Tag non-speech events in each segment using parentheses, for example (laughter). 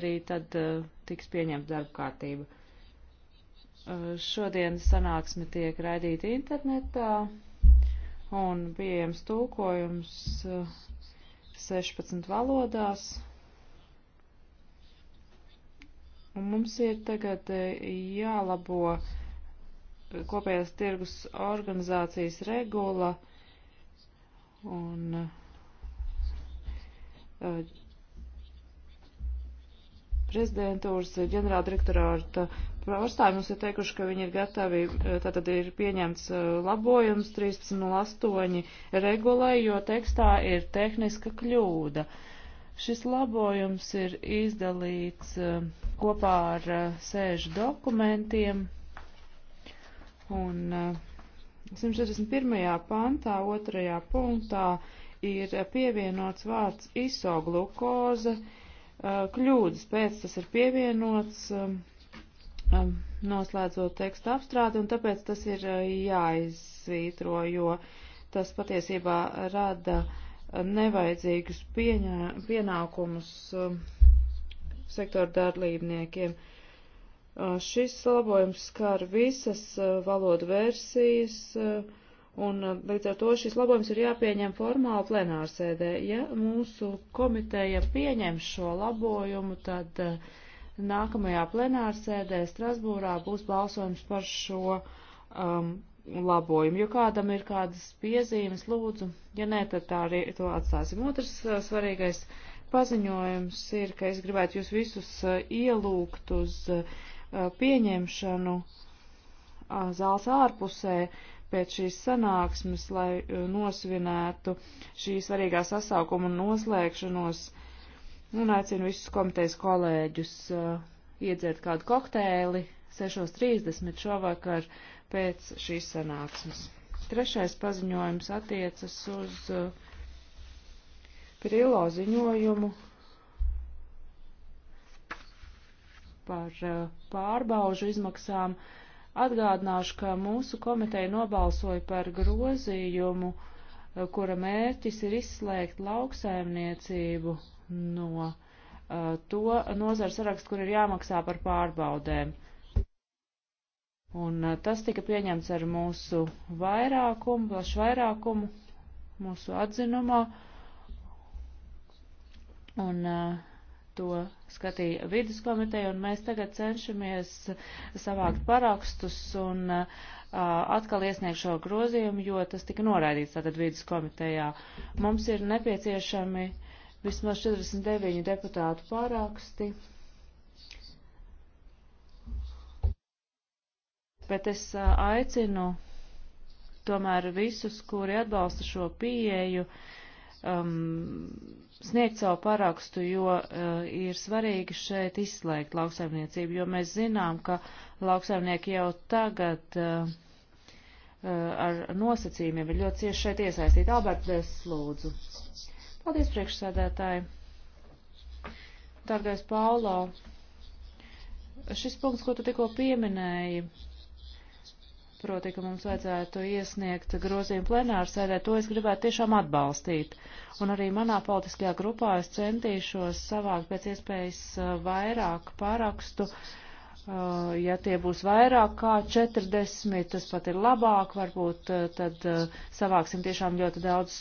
arī tad uh, tiks pieņemta darba kārtība. Uh, eh, šodienas sanāksme tiek raidīta internetā un pieejams tulkojums uh, eh, 16 valodās. Un mums ir tagad jālabo kopējās tirgus organizācijas regula un uh, prezidentūras ģenerāldirektorāta pārstāvji mums ir teikuši, ka viņi ir gatavi, eh, tātad ir pieņemts eh, labojums 13.08 regulē, jo tekstā ir tehniska kļūda. Šis labojums ir izdalīts eh, kopā ar sēžu dokumentiem un 141. pantā, 2. punktā ir pievienots vārds isoglukoze. glukoze Eh, kļūdas pēc tas ir pievienots, eh, eh, noslēdzot tekstu apstrādi, un tāpēc tas ir jāizsvītro, jo tas patiesībā rada nevajadzīgus pieņā, pienākumus sektoru darbībniekiem. Šis labojums skar visas valodu versijas, uh, Un uh, līdz ar to šis labojums ir jāpieņem formāli plenārsēdē. Ja mūsu komiteja pieņem šo labojumu, tad uh, nākamajā plenārsēdē Strasbūrā būs balsojums par šo um, labojumu. Jo kādam ir kādas piezīmes, lūdzu, ja nē, tad tā arī to atstāsim. Otrs uh, svarīgais paziņojums ir, ka es gribētu jūs visus ielūgt uz pieņemšanu zāles ārpusē pēc šīs sanāksmes, lai e, nosvinētu šī svarīgā sasaukuma noslēgšanos, un aicinu visus komitejas kolēģus uh, iedzert kādu kokteili 6.30 šovakar pēc šīs sanāksmes. Trešais paziņojums attiecas uz uh, Pirilo ziņojumu par pārbaužu izmaksām. Uh, Atgādināšu, ka mūsu komiteja nobalsoja par grozījumu, eh, kura mērķis ir izslēgt lauksaimniecību no uh, to nozaru sarakstu, kur ir jāmaksā par pārbaudēm. Un uh, tas tika pieņemts ar mūsu vairākumu, plašu vairākumu, mūsu atzinumā. Un uh, to skatīja viduskomiteja, un mēs tagad cenšamies savākt parakstus un uh, atkal iesniegt šo grozījumu, jo tas tika noraidīts tātad viduskomitejā. Mums ir nepieciešami vismaz 49 deputātu pāraksti. Bet es uh, aicinu tomēr visus, kuri atbalsta šo pieeju, um, sniegt savu parakstu, jo uh, ir svarīgi šeit izslēgt lauksaimniecību, jo mēs zinām, ka lauksaimnieki jau tagad uh, ar nosacījumiem ir ļoti cieši šeit iesaistīti. Alberts Dēs, lūdzu. Paldies, priekšsēdētāji. Dārgais Paulo, šis punkts, ko tu tikko pieminēji, proti, ka mums vajadzētu iesniegt grozījumu plenāru sēdē, to es gribētu tiešām atbalstīt. Un arī manā politiskajā grupā es centīšos savākt pēc iespējas uh, vairāk pārakstu. Uh, ja tie būs vairāk kā 40, tas pat ir labāk, varbūt uh, tad savāksim tiešām ļoti daudz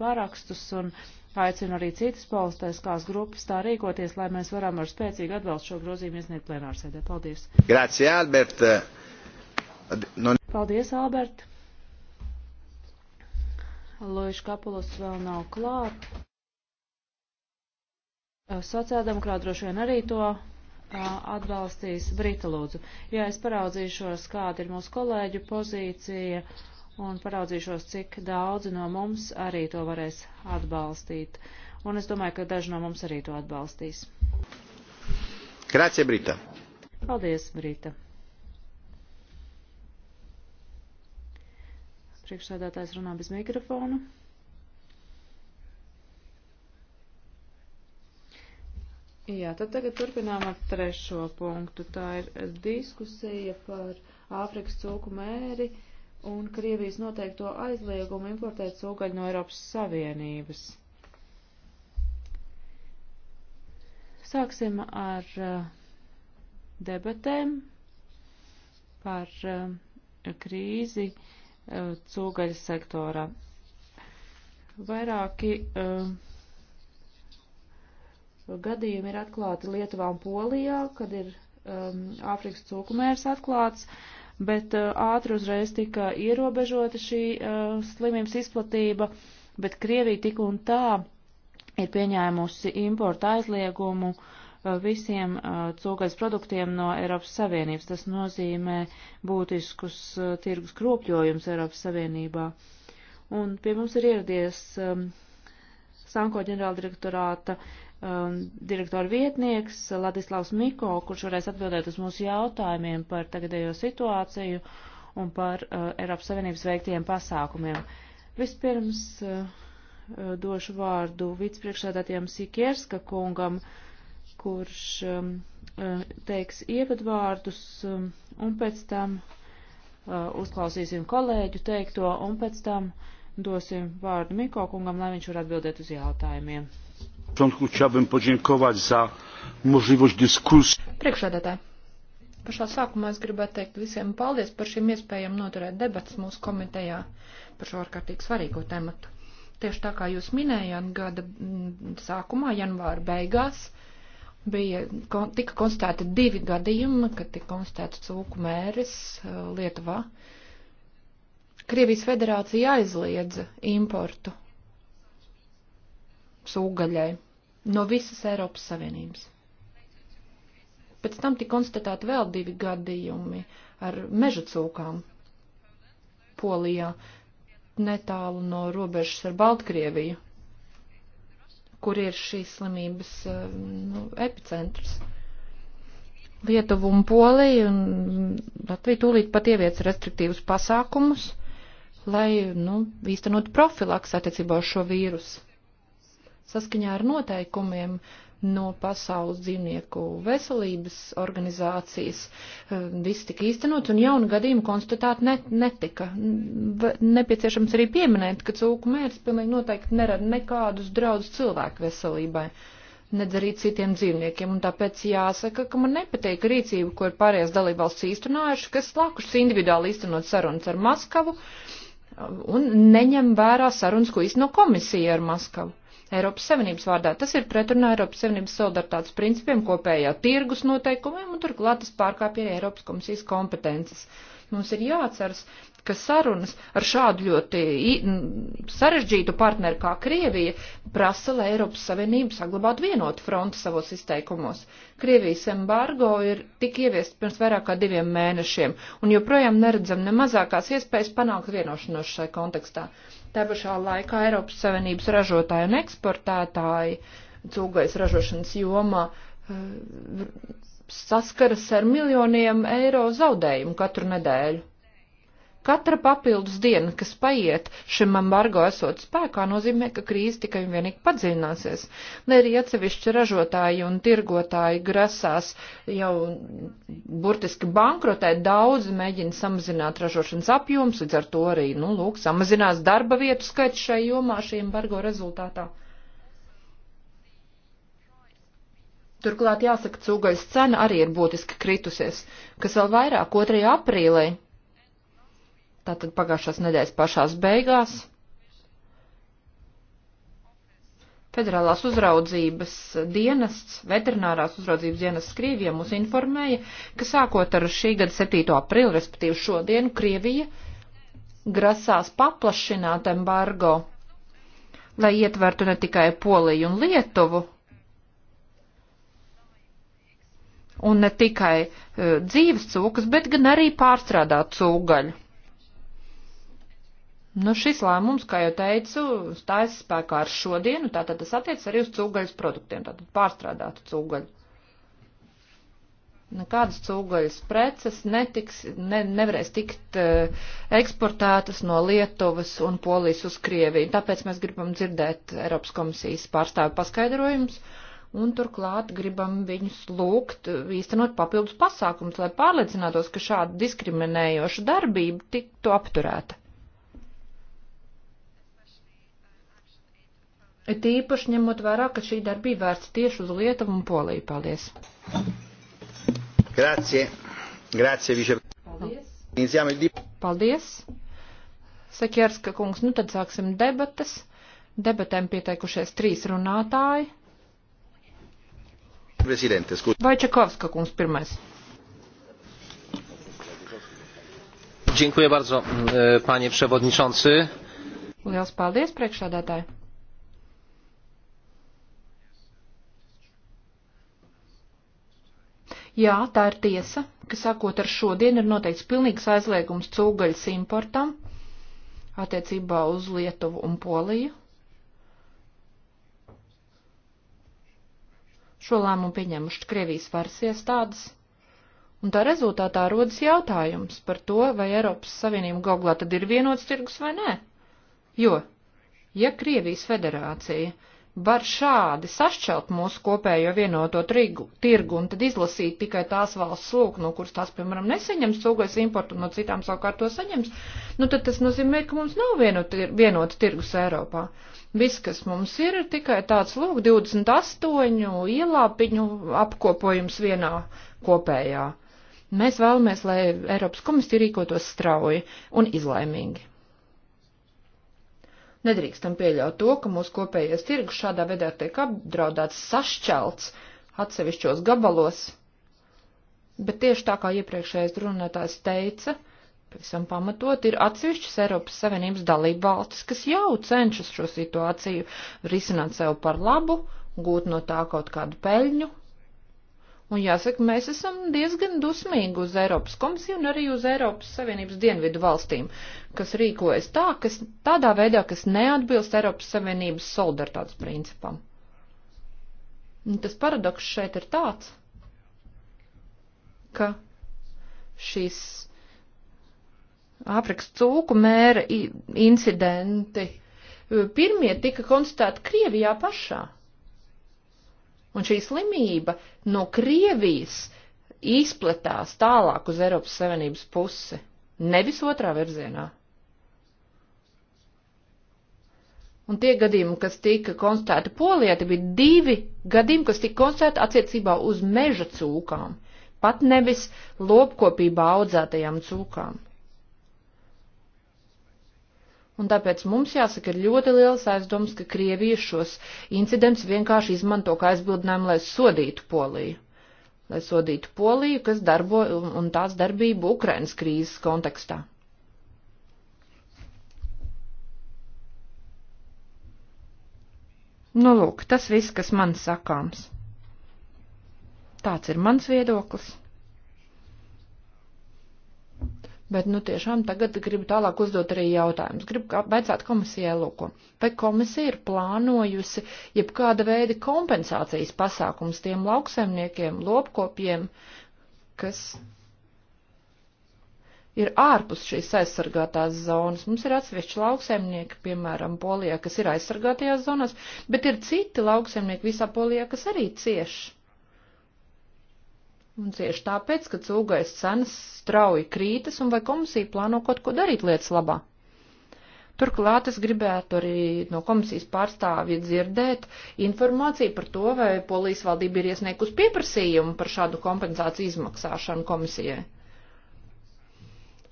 pārakstus un aicinu arī citas politiskās grupas tā rīkoties, lai mēs varam ar spēcīgu atbalstu šo grozījumu iesniegt plenārsēdē. Paldies! Grazie, Albert! Non... Nu, Paldies, Albert! Lojuši Kapulos vēl nav klāt. Sociāldemokrāti droši vien arī to atbalstīs Brita lūdzu. Jā, es paraudzīšos, kāda ir mūsu kolēģu pozīcija un paraudzīšos, cik daudzi no mums arī to varēs atbalstīt. Un es domāju, ka daži no mums arī to atbalstīs. Grācie, Brita. Paldies, Brita. Priekšsēdētājs runā bez mikrofona. Jā, tad tagad turpinām ar trešo punktu. Tā ir diskusija par Āfrikas cūku mēri un Krievijas noteikto aizliegumu importēt cūgaļu no Eiropas Savienības. Sāksim ar eh, debatēm par eh, krīzi. Uh, krīzi cūgaļas sektorā. Vairāki uh, gadījumi ir atklāti Lietuvā un Polijā, kad ir eh, Āfrikas um, cūkumērs atklāts, bet uh, ātri uzreiz tika ierobežota šī uh, slimības izplatība, bet Krievija tik un tā ir pieņēmusi importu aizliegumu uh, Uh, visiem uh, cūgaļas produktiem no Eiropas Savienības. Tas nozīmē būtiskus uh, tirgus kropļojums Eiropas Savienībā. Un pie mums ir ieradies um, Sanko ģenerāldirektorāta um, direktora vietnieks Ladislavs Miko, kurš varēs atbildēt uz mūsu jautājumiem par tagadējo situāciju un par uh, Eiropas Savienības veiktiem pasākumiem. Vispirms uh, došu vārdu vicepriekšsēdētājiem Sikierska kungam, uh, kurš um, uh, teiks ievadvārdus um, un pēc tam uh, uzklausīsim kolēģu teikto un pēc tam dosim vārdu Miko kungam, lai viņš var atbildēt uz jautājumiem. Priekšādātāji, pašā sākumā es gribētu teikt visiem paldies par šiem iespējām noturēt debats mūsu komitejā par šo ārkārtīgi svarīgo tematu. Tieši tā kā jūs minējāt, gada mm, sākumā, janvāra beigās, uh, bija, tika konstatēti divi gadījumi, kad tika konstatēts cūku mēris uh, Lietuvā. Krievijas federācija aizliedza importu sūgaļai no visas Eiropas Savienības. Pēc tam tika konstatēti vēl divi gadījumi ar meža cūkām Polijā, netālu no robežas ar Baltkrieviju kur ir šīs slimības eh, nu, epicentrs. Lietuva un Polija un Latvija tūlīt pat ieviec restriktīvus pasākumus, lai, nu, īstenot profilaks attiecībā uz šo vīrusu. Saskaņā ar noteikumiem uh, no Pasaules dzīvnieku veselības organizācijas. Eh, viss tika īstenots un jaunu gadījumu konstatēt net, netika. Nepieciešams arī pieminēt, ka cūku mērķis pilnīgi noteikti nerada nekādus draudus cilvēku veselībai nedz arī citiem dzīvniekiem, un tāpēc jāsaka, ka man nepatīk rīcība, ko ir pārējās dalībvalsts īstenājuši, kas lakušas individuāli īstenot sarunas ar Maskavu eh, un neņem vērā sarunas, ko īsteno komisija ar Maskavu. Eiropas Savienības vārdā. Tas ir pretrunā Eiropas Savienības solidaritātes principiem, kopējā tirgus noteikumiem, un turklāt tas pārkāpja Eiropas komisijas kompetences. Mums ir jāatceras, ka sarunas ar šādu ļoti sarežģītu partneri kā Krievija prasa, lai Eiropas Savienība saglabātu vienotu fronti savos izteikumos. Krievijas embargo ir tik ieviest pirms vairāk kā diviem mēnešiem, un joprojām neredzam ne mazākās iespējas panākt vienošanos šai kontekstā. Tā pašā laikā Eiropas Savienības ražotāji un eksportētāji cūgais ražošanas jomā eh, saskaras ar miljoniem eiro zaudējumu katru nedēļu. Katra papildus diena, kas paiet šim embargo esot spēkā, nozīmē, ka krīze tikai un vienīgi padziļināsies. Lai arī atsevišķi ražotāji un tirgotāji grasās jau burtiski bankrotēt, daudzi mēģina samazināt ražošanas apjoms, līdz ar to arī, nu, lūk, samazinās darba vietu skaits šai jomā šī embargo rezultātā. Turklāt jāsaka, cūgaļas cena arī ir būtiski kritusies, kas vēl vairāk 2. aprīlī tātad pagājušās nedēļas pašās beigās. Federālās uzraudzības dienests, veterinārās uzraudzības dienests Krievijā mūs informēja, ka sākot ar šī gada 7. aprīli, respektīvi šodienu, Krievija grasās paplašināt embargo, lai ietvertu ne tikai Poliju un Lietuvu, un ne tikai uh, dzīves cūkas, bet gan arī pārstrādāt cūgaļu. Nu, šis lēmums, kā jau teicu, stājas spēkā ar šodienu, tātad tas attiec arī uz cūgaļas produktiem, tātad pārstrādātu cūgaļu. Nekādas nu, cūgaļas preces netiks, ne, nevarēs tikt uh, eksportētas no Lietuvas un Polijas uz Krieviju. Tāpēc mēs gribam dzirdēt Eiropas komisijas pārstāvi paskaidrojumus un turklāt gribam viņus lūgt īstenot papildus pasākums, lai pārliecinātos, ka šāda diskriminējoša darbība tiktu apturēta. It īpaši ņemot vērā, ka šī darbība vērsta tieši uz Lietuvu un Poliju. Paldies! Grazie! Grazie, vice... Paldies! Paldies! Sekjerska kungs, nu tad sāksim debatas. Debatēm pieteikušies trīs runātāji. Prezidentes, kur... Vaičakovska kungs pirmais. Dziękuję bardzo, e, panie przewodniczący. Liels paldies, priekšādātāji. Jā, tā ir tiesa, ka sākot ar šodien ir noteikts pilnīgs aizliegums cūgaļas importam attiecībā uz Lietuvu un Poliju. Šo lēmumu pieņemuši Krievijas varas iestādes, un tā rezultātā rodas jautājums par to, vai Eiropas Savienība Goglā tad ir vienots tirgus vai nē. Jo, ja Krievijas federācija var šādi sašķelt mūsu kopējo vienoto trigu, tirgu un tad izlasīt tikai tās valsts lūk, no kuras tās, piemēram, neseņems cūgais importu un no citām savukārt to saņems, nu tad tas nozīmē, ka mums nav vienota vienot tirgus Eiropā. Viss, kas mums ir, ir tikai tāds, lūk, 28 ielāpiņu apkopojums vienā kopējā. Mēs vēlamies, lai Eiropas komisija rīkotos strauji un izlaimīgi. Nedrīkstam pieļaut to, ka mūsu kopējais tirgus šādā veidā tiek apdraudēts, sašķelts atsevišķos gabalos. Bet tieši tā kā iepriekšējais runātājs teica, pavisam pamatot, ir atsevišķas Eiropas Savienības dalība valstis, kas jau cenšas šo situāciju risināt sev par labu, gūt no tā kaut kādu peļņu, Un jāsaka, mēs esam diezgan dusmīgi uz Eiropas komisiju un arī uz Eiropas Savienības dienvidu valstīm, kas rīkojas tā, kas tādā veidā, kas neatbilst Eiropas Savienības solidaritātes principam. Un tas paradoks šeit ir tāds, ka šīs Āfrikas cūku mēra incidenti pirmie tika konstatēti Krievijā pašā. Un šī slimība no Krievijas izplatās tālāk uz Eiropas Savienības pusi, nevis otrā virzienā. Un tie gadījumi, kas tika konstatēti polijā, tie bija divi gadījumi, kas tika konstatēti attiecībā uz meža cūkām, pat nevis lopkopībā audzētajām cūkām. Un tāpēc mums jāsaka, ir ļoti liels aizdoms, ka Krievija šos incidents vienkārši izmanto kā aizbildinājumu, lai sodītu Poliju. Lai sodītu Poliju, kas darbo un tās darbību Ukrainas krīzes kontekstā. Nu, lūk, tas viss, kas man sakāms. Tāds ir mans viedoklis. Bet, nu, tiešām tagad gribu tālāk uzdot arī jautājumus. Gribu vaicāt komisijai lūko. Vai komisija ir plānojusi jebkāda veida kompensācijas pasākums tiem lauksaimniekiem, lopkopiem, kas ir ārpus šīs aizsargātās zonas. Mums ir atsevišķi lauksaimnieki, piemēram, Polijā, kas ir aizsargātajās zonās, bet ir citi lauksaimnieki visā Polijā, kas arī cieši Un cieši tāpēc, ka cūgais cenas strauji krītas un vai komisija plāno kaut ko darīt lietas labā. Turklāt es gribētu arī no komisijas pārstāvja dzirdēt informāciju par to, vai polijas valdība ir iesniegusi pieprasījumu par šādu kompensāciju izmaksāšanu komisijai.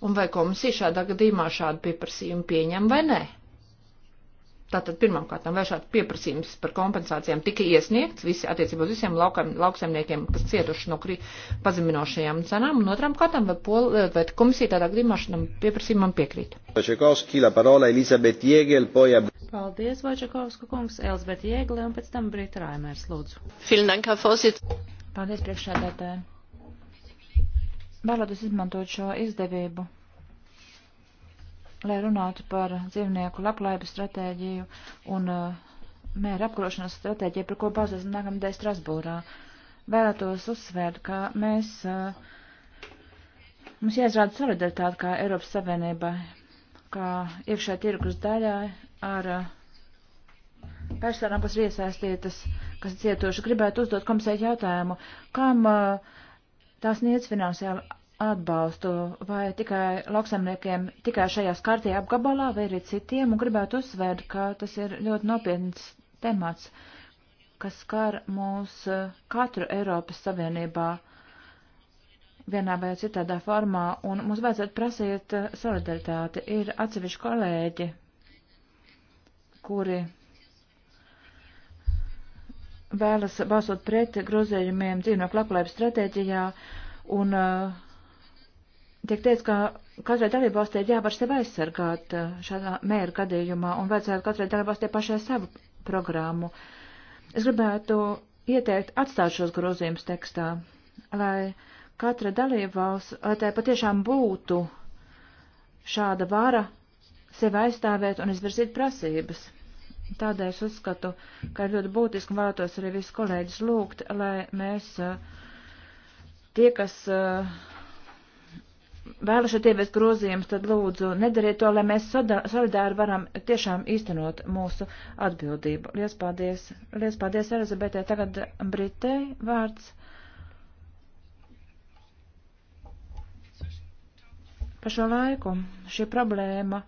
Un vai komisija šādā gadījumā šādu pieprasījumu pieņem vai nē? Tātad pirmkārt, vai šāds pieprasījums par kompensācijām tika iesniegts visi, attiecībā uz visiem laukam, lauksaimniekiem, kas cietuši no krī, pazeminošajām cenām, un otram kārtam, vai, pol, vai komisija tādā gadījumā šim pieprasījumam piekrīt. Paldies, Vaļčakovska kungs, Elzbet Jēgle un pēc tam Brita Raimērs, lūdzu. Paldies, priekšsēdētāji. Vēlētos izmantot šo izdevību lai runātu par dzīvnieku labklājības stratēģiju un uh, mēra apkarošanas stratēģiju, par ko bāzēsim nākamdēļ Strasbūrā. Vēlētos uzsvērt, ka mēs, uh, mums jāizrāda solidaritāte kā Eiropas Savienībai, kā iekšē tirgus daļai ar uh, personām, kas ir iesaistītas, kas cietuši. Gribētu uzdot komisēt jautājumu, kam tās niec finansiāli atbalstu vai tikai lauksaimniekiem tikai šajā skartajā apgabalā vai arī citiem un gribētu uzsvērt, ka tas ir ļoti nopietns temats, kas skar mūs uh, katru Eiropas Savienībā vienā vai citādā formā un mums vajadzētu prasīt uh, solidaritāti. Ir atsevišķi kolēģi, kuri vēlas balsot pret grozējumiem dzīvnieku labklājības stratēģijā un uh, tiek teikt, ka katrai dalībvalstī ir jāpar sevi aizsargāt uh, šādā mēra gadījumā un vajadzētu katrai dalībvalstī pašai savu programmu. Es gribētu ieteikt atstāt šos grozījumus tekstā, lai katra dalībvalsts, lai tai patiešām būtu šāda vara sevi aizstāvēt un izvirzīt prasības. Tādēļ es uzskatu, ka ir ļoti būtiski un vēlētos arī visus kolēģis lūgt, lai mēs uh, tie, kas uh, vēlašat ieviest grozījumus, tad lūdzu nedariet to, lai mēs solidāri varam tiešām īstenot mūsu atbildību. Lies paldies, lies paldies Elizabetē, tagad Britei vārds. Pa šo laiku šī problēma,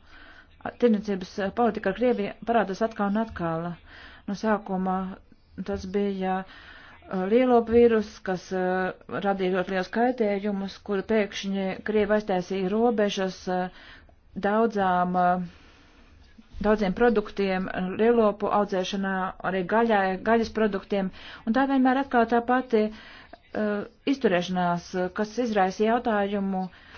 tirnicības politika ar Krieviju parādās atkal un atkal. No sākuma tas bija uh, Uh, lielopu vīrusu, kas uh, radīja ļoti liels kaitējumus, kur pēkšņi Krievi aiztaisīja robežas uh, daudzām, daudziem produktiem, lielopu audzēšanā, arī gaļai, gaļas produktiem, un tā vienmēr atkal tā pati izturēšanās, kas izraisa jautājumu, uh,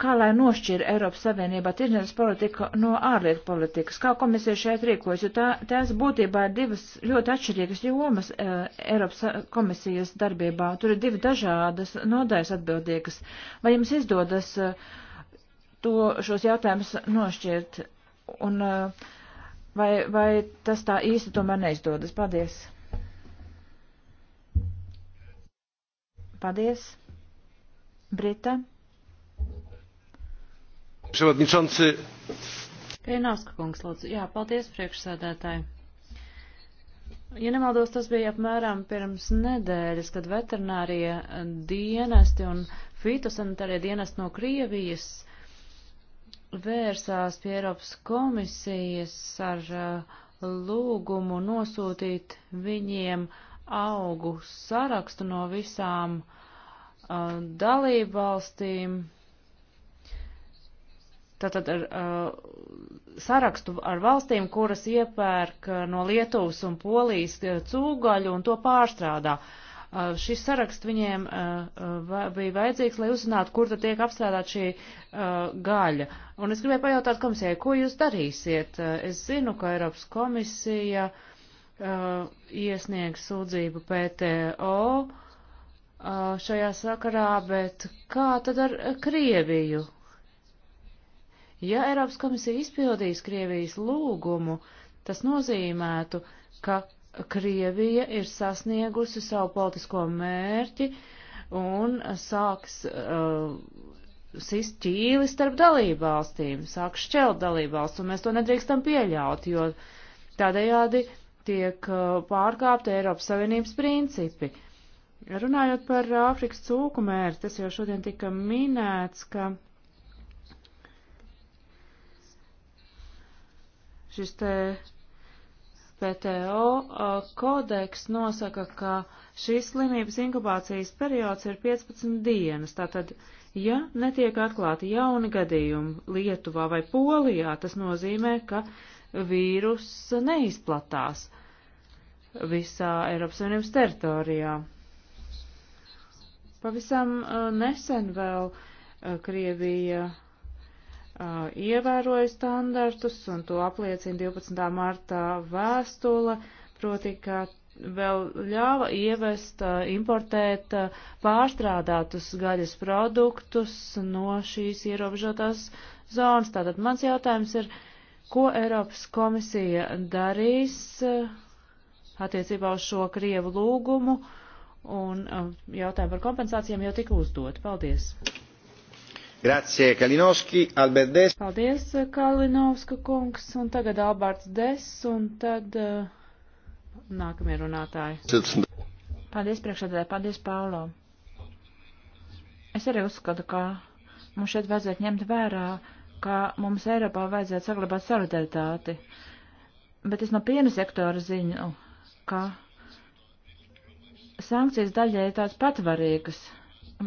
kā lai nošķir Eiropas Savienībā tirdzniecības politika no ārlietu politikas, kā komisija šeit rīkojas, jo tā, tās būtībā ir divas ļoti atšķirīgas jomas e, Eiropas komisijas darbībā. Tur ir divi dažādas nodaļas atbildīgas. Vai jums izdodas e, to, šos jautājumus nošķirt? Un, e, vai, vai tas tā īsti tomēr neizdodas? Paldies! Paldies! Brita! Ševadničanci. Pienauska kungs, lūdzu. Jā, paldies priekšsēdētāji. Ja nemaldos, tas bija apmēram pirms nedēļas, kad veterinārie dienesti un fitosanitārie dienesti no Krievijas vērsās pie Eiropas komisijas ar uh, lūgumu nosūtīt viņiem augu sarakstu no visām uh, dalībvalstīm. valstīm tātad ar uh, sarakstu ar valstīm, kuras iepērk uh, no Lietuvas un Polijas uh, cūgaļu un to pārstrādā. Uh, šis saraksts viņiem uh, uh bija vajadzīgs, lai uzzinātu, kur tad tiek apstrādāt šī uh, gaļa. Un es gribēju pajautāt komisijai, ko jūs darīsiet? Es zinu, ka Eiropas komisija iesniegs sūdzību PTO šajā sakarā, bet kā tad ar Krieviju? Ja Eiropas komisija izpildīs Krievijas lūgumu, tas nozīmētu, ka Krievija ir sasniegusi savu politisko mērķi un sāks uh, sist ķīli starp dalībvalstīm, sāks šķelt dalībvalsts, un mēs to nedrīkstam pieļaut, jo tādējādi tiek uh, pārkāpta Eiropas Savienības principi. Runājot par Āfrikas cūku mērķi, tas jau šodien tika minēts, ka Šis te PTO kodeks nosaka, ka šīs slimības inkubācijas periods ir 15 dienas. Tātad, ja netiek atklāti jauni gadījumi Lietuvā vai Polijā, tas nozīmē, ka vīrus neizplatās visā Eiropas Savienības teritorijā. Pavisam nesen vēl Krievija uh, ievēroja standartus, un to apliecina 12. martā vēstule, proti, ka vēl ļāva ievest, uh, importēt uh, pārstrādātus gaļas produktus no šīs ierobežotās zonas. Tātad mans jautājums ir, ko Eiropas komisija darīs uh, attiecībā uz šo Krievu lūgumu, un uh, jautājumu par kompensācijām jau tika uzdot. Paldies! Grazie, Kalinowski, Albert Des. Paldies, Kalinovska kungs, un tagad Alberts Des, un tad uh, nākamie runātāji. Paldies, priekšādātāji, paldies, Paulo. Es arī uzskatu, ka mums šeit vajadzētu ņemt vērā, ka mums Eiropā vajadzētu saglabāt solidaritāti. Bet es no piena sektora ziņu, ka sankcijas daļai ir tāds patvarīgas.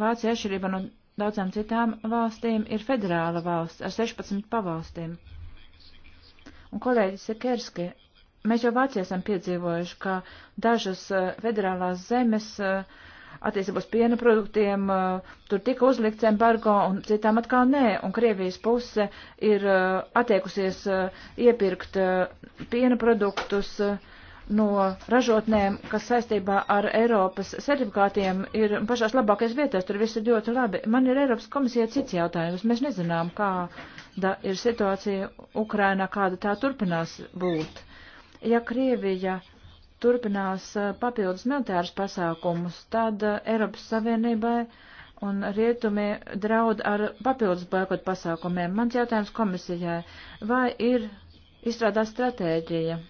Vācija atšķirība no daudzām citām valstīm ir federāla valsts ar 16 pavalstīm. Un kolēģis Sekerski, mēs jau Vācijā esam piedzīvojuši, ka dažas eh, federālās zemes eh, attiecībos piena produktiem eh, tur tika uzlikts embargo un citām atkal nē, un Krievijas puse ir attiekusies iepirkt piena produktus. Uh, no ražotnēm, kas saistībā ar Eiropas certifikātiem ir pašās labākais vietās, tur viss ir ļoti labi. Man ir Eiropas komisija cits jautājums. Mēs nezinām, kāda ir situācija Ukrainā, kāda tā turpinās būt. Ja Krievija turpinās eh, papildus militārus pasākumus, tad eh, Eiropas Savienībai un rietumi draud ar papildus boikot pasākumiem. Mans jautājums komisijai, vai ir izstrādāta stratēģija?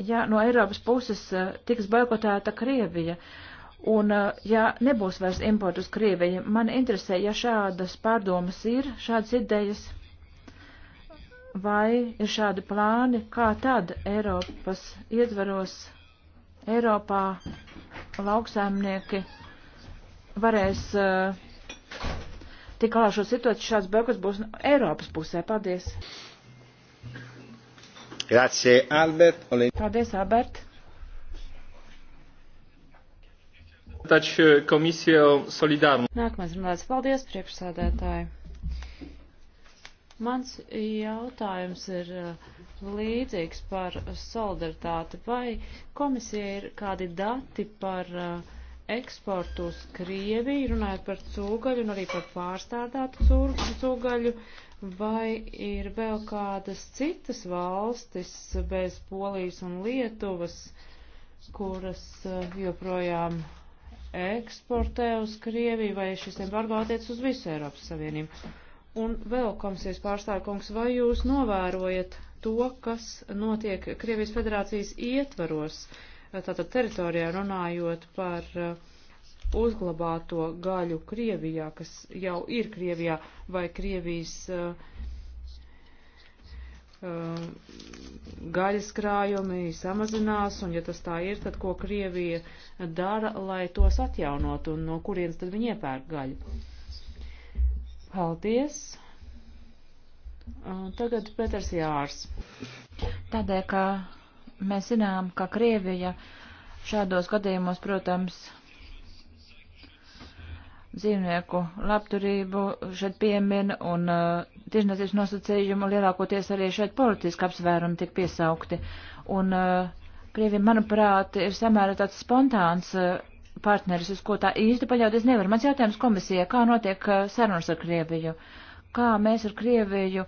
ja no Eiropas puses eh, tiks boikotēta Krievija un eh, ja nebūs vairs importu uz Krieviju. Man interesē, ja šādas pārdomas ir, šādas idejas, vai ir šādi plāni, kā tad Eiropas iedvaros Eiropā lauksaimnieki varēs uh, tik galā šo situāciju, šāds boikots būs no Eiropas pusē. Paldies! Grazie, Albert. Paldies, Albert. E, Nākamais runāts. Paldies, priekšsēdētāji. Mans jautājums ir e, līdzīgs par solidaritāti. Vai komisija ir kādi dati par e, eksportu uz Krieviju, runājot par cūgaļu un arī par pārstādātu cūgaļu? Vai ir vēl kādas citas valstis bez Polijas un Lietuvas, kuras eh, joprojām eksportē uz Krieviju, vai šis embargo attiec uz visu Eiropas Savienību? Un vēl, komisijas pārstāvkungs, vai jūs novērojat to, kas notiek Krievijas federācijas ietvaros, eh, tātad teritorijā runājot par uh, uzglabāto gaļu Krievijā, kas jau ir Krievijā, vai Krievijas uh, uh, gaļas krājumi samazinās, un ja tas tā ir, tad ko Krievija dara, lai tos atjaunot, un no kurienes tad viņi iepērk gaļu? Paldies! Eh, tagad Peters Jārs. Tādēļ, ka mēs zinām, ka Krievija šādos gadījumos, protams, dzīvnieku labturību šeit piemin un uh, tirzniecības nosacījumu lielākoties arī šeit politiski apsvērumi tik piesaukti. Un uh, Krievija, manuprāt, ir samērā tāds spontāns uh, partneris, uz ko tā īsti paļauties nevar. Mans jautājums komisijai, kā notiek uh, sarunas ar Krieviju? Kā mēs ar Krieviju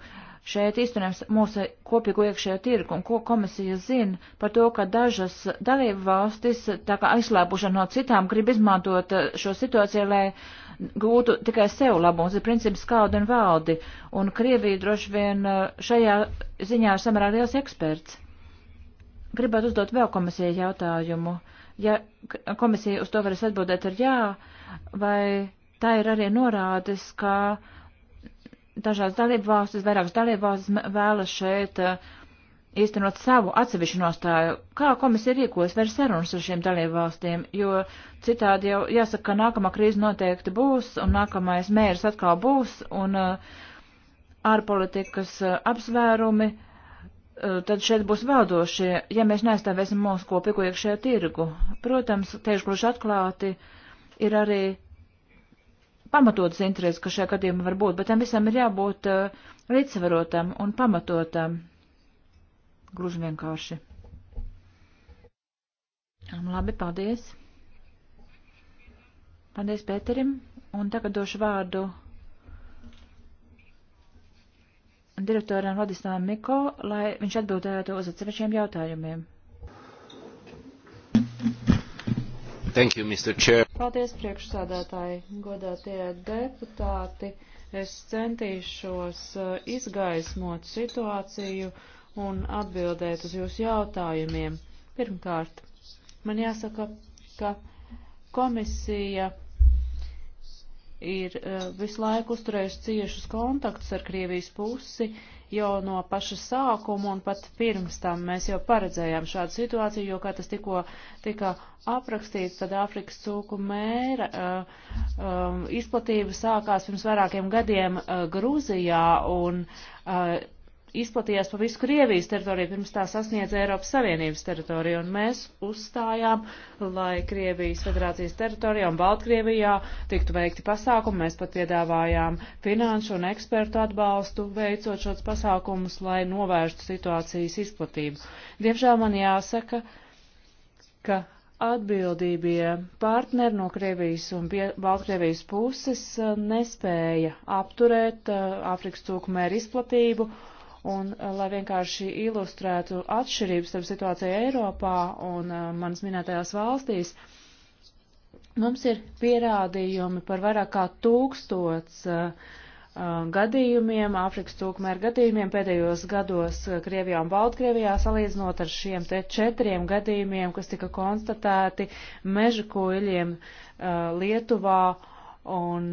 šeit īstenojam mūsu kopīgo iekšējo tirgu un ko komisija zina par to, ka dažas dalību valstis, tā kā aizslēpušana no citām, grib izmantot eh, šo situāciju, lai gūtu tikai sev labumus, ir princips skaudu un valdi, un Krievija droši vien eh, šajā ziņā ir samērā liels eksperts. Gribētu uzdot vēl komisijai jautājumu. Ja komisija uz to varēs atbildēt ar jā, vai tā ir arī norādes, ka uh, dažādas dalībvalstis, vairākas dalībvalstis vēlas šeit eh, īstenot savu atsevišķu nostāju. Kā komisija rīkos vēl sarunas ar šiem dalībvalstīm, jo citādi jau jāsaka, ka nākamā krīze noteikti būs un nākamais mērs atkal būs un eh, ārpolitikas eh, apsvērumi, tad šeit būs valdošie, ja mēs neaizstāvēsim mūsu kopīgo iekšējo tirgu. Protams, tieši gluži atklāti ir arī pamatotas intereses, kas šajā gadījumā var būt, bet tam visam ir jābūt uh, līdzsvarotam un pamatotam. Gluži vienkārši. Labi, paldies. Paldies Pēterim. Un tagad došu vārdu direktoram Vladislavam Miko, lai viņš atbildētu uz atsevišķiem jautājumiem. Thank you, Mr. Chair. Paldies, priekšsādātāji, godātie deputāti. Es centīšos uh, izgaismot situāciju un atbildēt uz jūsu jautājumiem. Pirmkārt, man jāsaka, ka komisija ir uh, visu laiku uzturējusi ciešus kontaktus ar Krievijas pusi, jau no paša sākuma un pat pirms tam mēs jau paredzējām šādu situāciju, jo, kā tas tikko tika aprakstīts, tad Āfrikas cūku mēra uh, um, izplatība sākās pirms vairākiem gadiem uh, Grūzijā un uh, izplatījās pa visu Krievijas teritoriju, pirms tā sasniedza Eiropas Savienības teritoriju, un mēs uzstājām, lai Krievijas federācijas teritorijā un Baltkrievijā tiktu veikti pasākumi. Mēs pat piedāvājām finanšu un ekspertu atbalstu, veicot šos pasākumus, lai novērstu situācijas izplatību. Diemžēl man jāsaka, ka atbildībie partneri no Krievijas un Baltkrievijas puses uh, nespēja apturēt Āfrikas uh, cūku mēru izplatību Un, eh, lai vienkārši ilustrētu atšķirības starp situāciju Eiropā un eh, manas minētajās valstīs, mums ir pierādījumi par vairāk kā tūkstots uh, gadījumiem, Āfrikas cūkmēra gadījumiem pēdējos gados Krievijā un Baltkrievijā salīdzinot ar šiem te četriem gadījumiem, kas tika konstatēti meža kuļiem Lietuvā un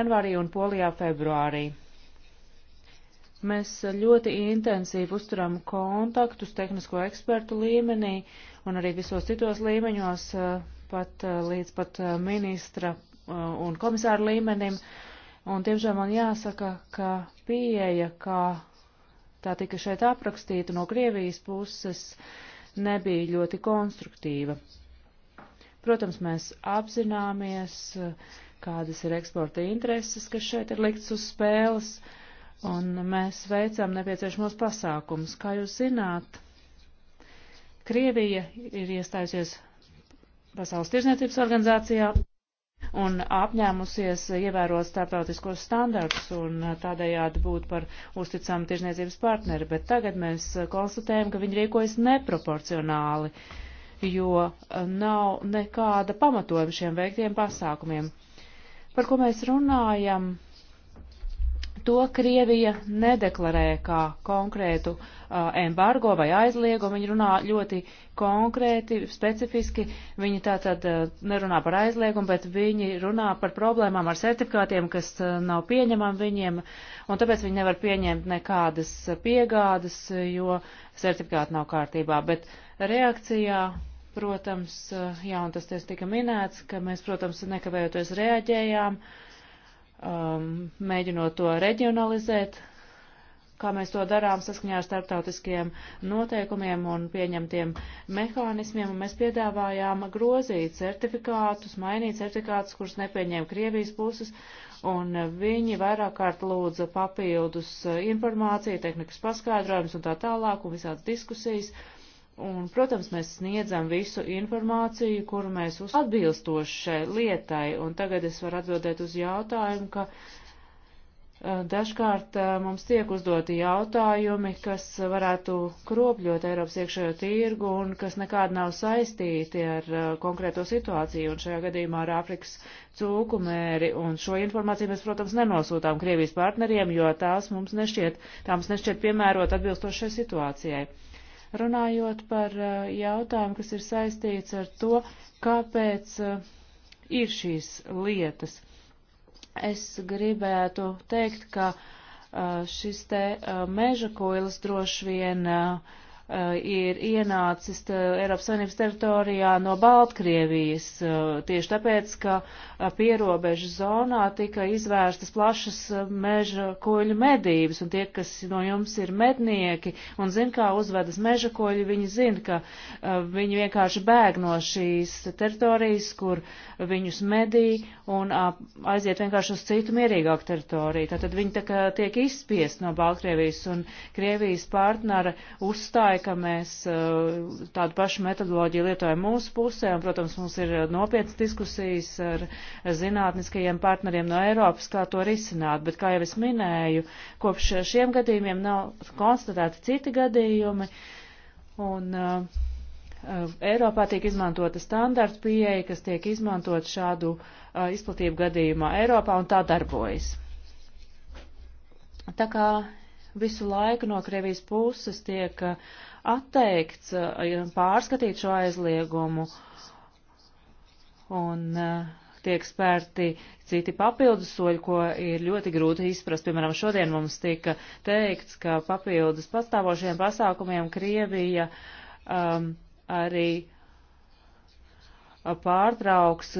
janvārī un Polijā februārī. Mēs ļoti intensīvi uzturam kontaktus tehnisko ekspertu līmenī un arī visos citos līmeņos, eh, pat eh, līdz pat eh, ministra un komisāra līmenim. Un, diemžēl, man jāsaka, ka pieeja, kā tā tika šeit aprakstīta no Krievijas puses, nebija ļoti konstruktīva. Protams, mēs apzināmies, kādas ir eksporta intereses, kas šeit ir liktas uz spēles. Uh, un mēs veicam nepieciešamos pasākumus. Kā jūs zināt, Krievija ir iestājusies Pasaules tirzniecības organizācijā un apņēmusies ievērot starptautiskos standartus un tādējādi būt par uzticamu tirzniecības partneri, bet tagad mēs konstatējam, ka viņi rīkojas neproporcionāli, jo nav nekāda pamatojuma šiem veiktiem pasākumiem. Par ko mēs runājam, to Krievija nedeklarē kā konkrētu uh, embargo vai aizliegumu. Viņi runā ļoti konkrēti, specifiski. Viņi tātad uh, nerunā par aizliegumu, bet viņi runā par problēmām ar certifikātiem, kas uh, nav pieņemami viņiem, un tāpēc viņi nevar pieņemt nekādas piegādas, jo certifikāti nav kārtībā. Bet reakcijā. Protams, jā, un tas tika minēts, ka mēs, protams, nekavējoties reaģējām. Uh, um, mēģinot to reģionalizēt, kā mēs to darām saskaņā ar starptautiskiem noteikumiem un pieņemtiem mehānismiem, un mēs piedāvājām grozīt certifikātus, mainīt certifikātus, kurus nepieņēma Krievijas puses, un viņi vairāk kārt lūdza papildus informāciju, tehnikas paskaidrojums un tā tālāk, un visādas diskusijas. Uh, Un, protams, mēs sniedzam visu informāciju, kuru mēs uz atbilstoši šai lietai, un tagad es varu atbildēt uz jautājumu, ka uh, dažkārt uh, mums tiek uzdoti jautājumi, kas varētu kropļot Eiropas iekšējo tirgu un kas nekādi nav saistīti ar uh, konkrēto situāciju, un šajā gadījumā ar Āfrikas cūkumēri, un šo informāciju mēs, protams, nenosūtām Krievijas partneriem, jo tās mums nešķiet, tā mums nešķiet piemērot atbilstošai situācijai runājot par eh, jautājumu, kas ir saistīts ar to, kāpēc eh, ir šīs lietas. Es gribētu teikt, ka eh, šis te meža koils droši vien uh, Eh, ir ienācis Eiropas Savienības teritorijā no Baltkrievijas, eh, tieši tāpēc, ka eh, pierobežu zonā tika izvērstas plašas meža koļu medības, un tie, kas no jums ir mednieki un zin, kā uzvedas meža koļi, viņi zin, ka viņi vienkārši bēg no šīs teritorijas, kur viņus medī, un aiziet vienkārši uz citu mierīgāku teritoriju. Tātad viņi tā tiek izspiest no Baltkrievijas, un Krievijas partnera uzstāja, ka mēs uh, tādu pašu metodoloģiju lietojam mūsu pusē, un, protams, mums ir uh, nopietnas diskusijas ar zinātniskajiem partneriem no Eiropas, kā to risināt, bet, kā jau es minēju, kopš šiem gadījumiem nav konstatēti citi gadījumi, un uh, uh, Eiropā tiek izmantota standarta pieeja, kas tiek izmantot šādu uh, izplatību gadījumā Eiropā, un tā darbojas. Tā kā visu laiku no Krievijas puses tiek uh, atteikts eh, pārskatīt šo aizliegumu un eh, tiek spērti citi papildus soļi, ko ir ļoti grūti izprast. Piemēram, šodien mums tika teikts, ka papildus pastāvošiem pasākumiem Krievija um, arī pārtrauks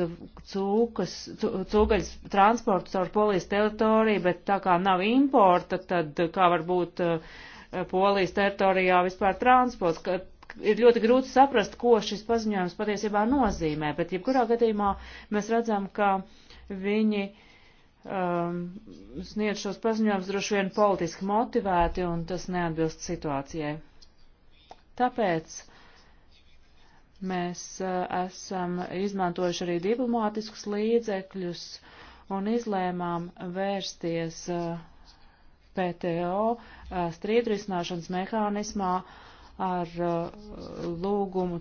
cūkas, cūgaļas transportu caur polijas teritoriju, bet tā kā nav importa, tad kā var būt uh, Eh, polijas teritorijā vispār transports, ka ir ļoti grūti saprast, ko šis paziņojums patiesībā nozīmē, bet jebkurā gadījumā mēs redzam, ka viņi um, sniedz šos paziņojumus droši vien politiski motivēti, un tas neatbilst situācijai. Tāpēc mēs uh, esam izmantojuši arī diplomātiskus līdzekļus un izlēmām vērsties uh, eh, PTO strīdu risināšanas mehānismā ar lūgumu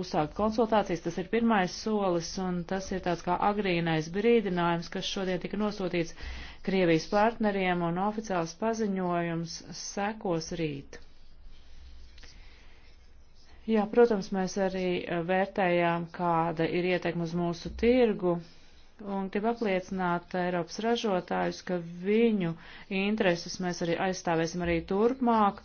uzsākt konsultācijas. Tas ir pirmais solis, un tas ir tāds kā agrīnais brīdinājums, kas šodien tika nosūtīts Krievijas partneriem, un oficiāls paziņojums sekos rīt. Jā, protams, mēs arī vērtējām, kāda ir ietekme uz mūsu tirgu, un grib apliecināt Eiropas ražotājus, ka viņu intereses mēs arī aizstāvēsim arī turpmāk,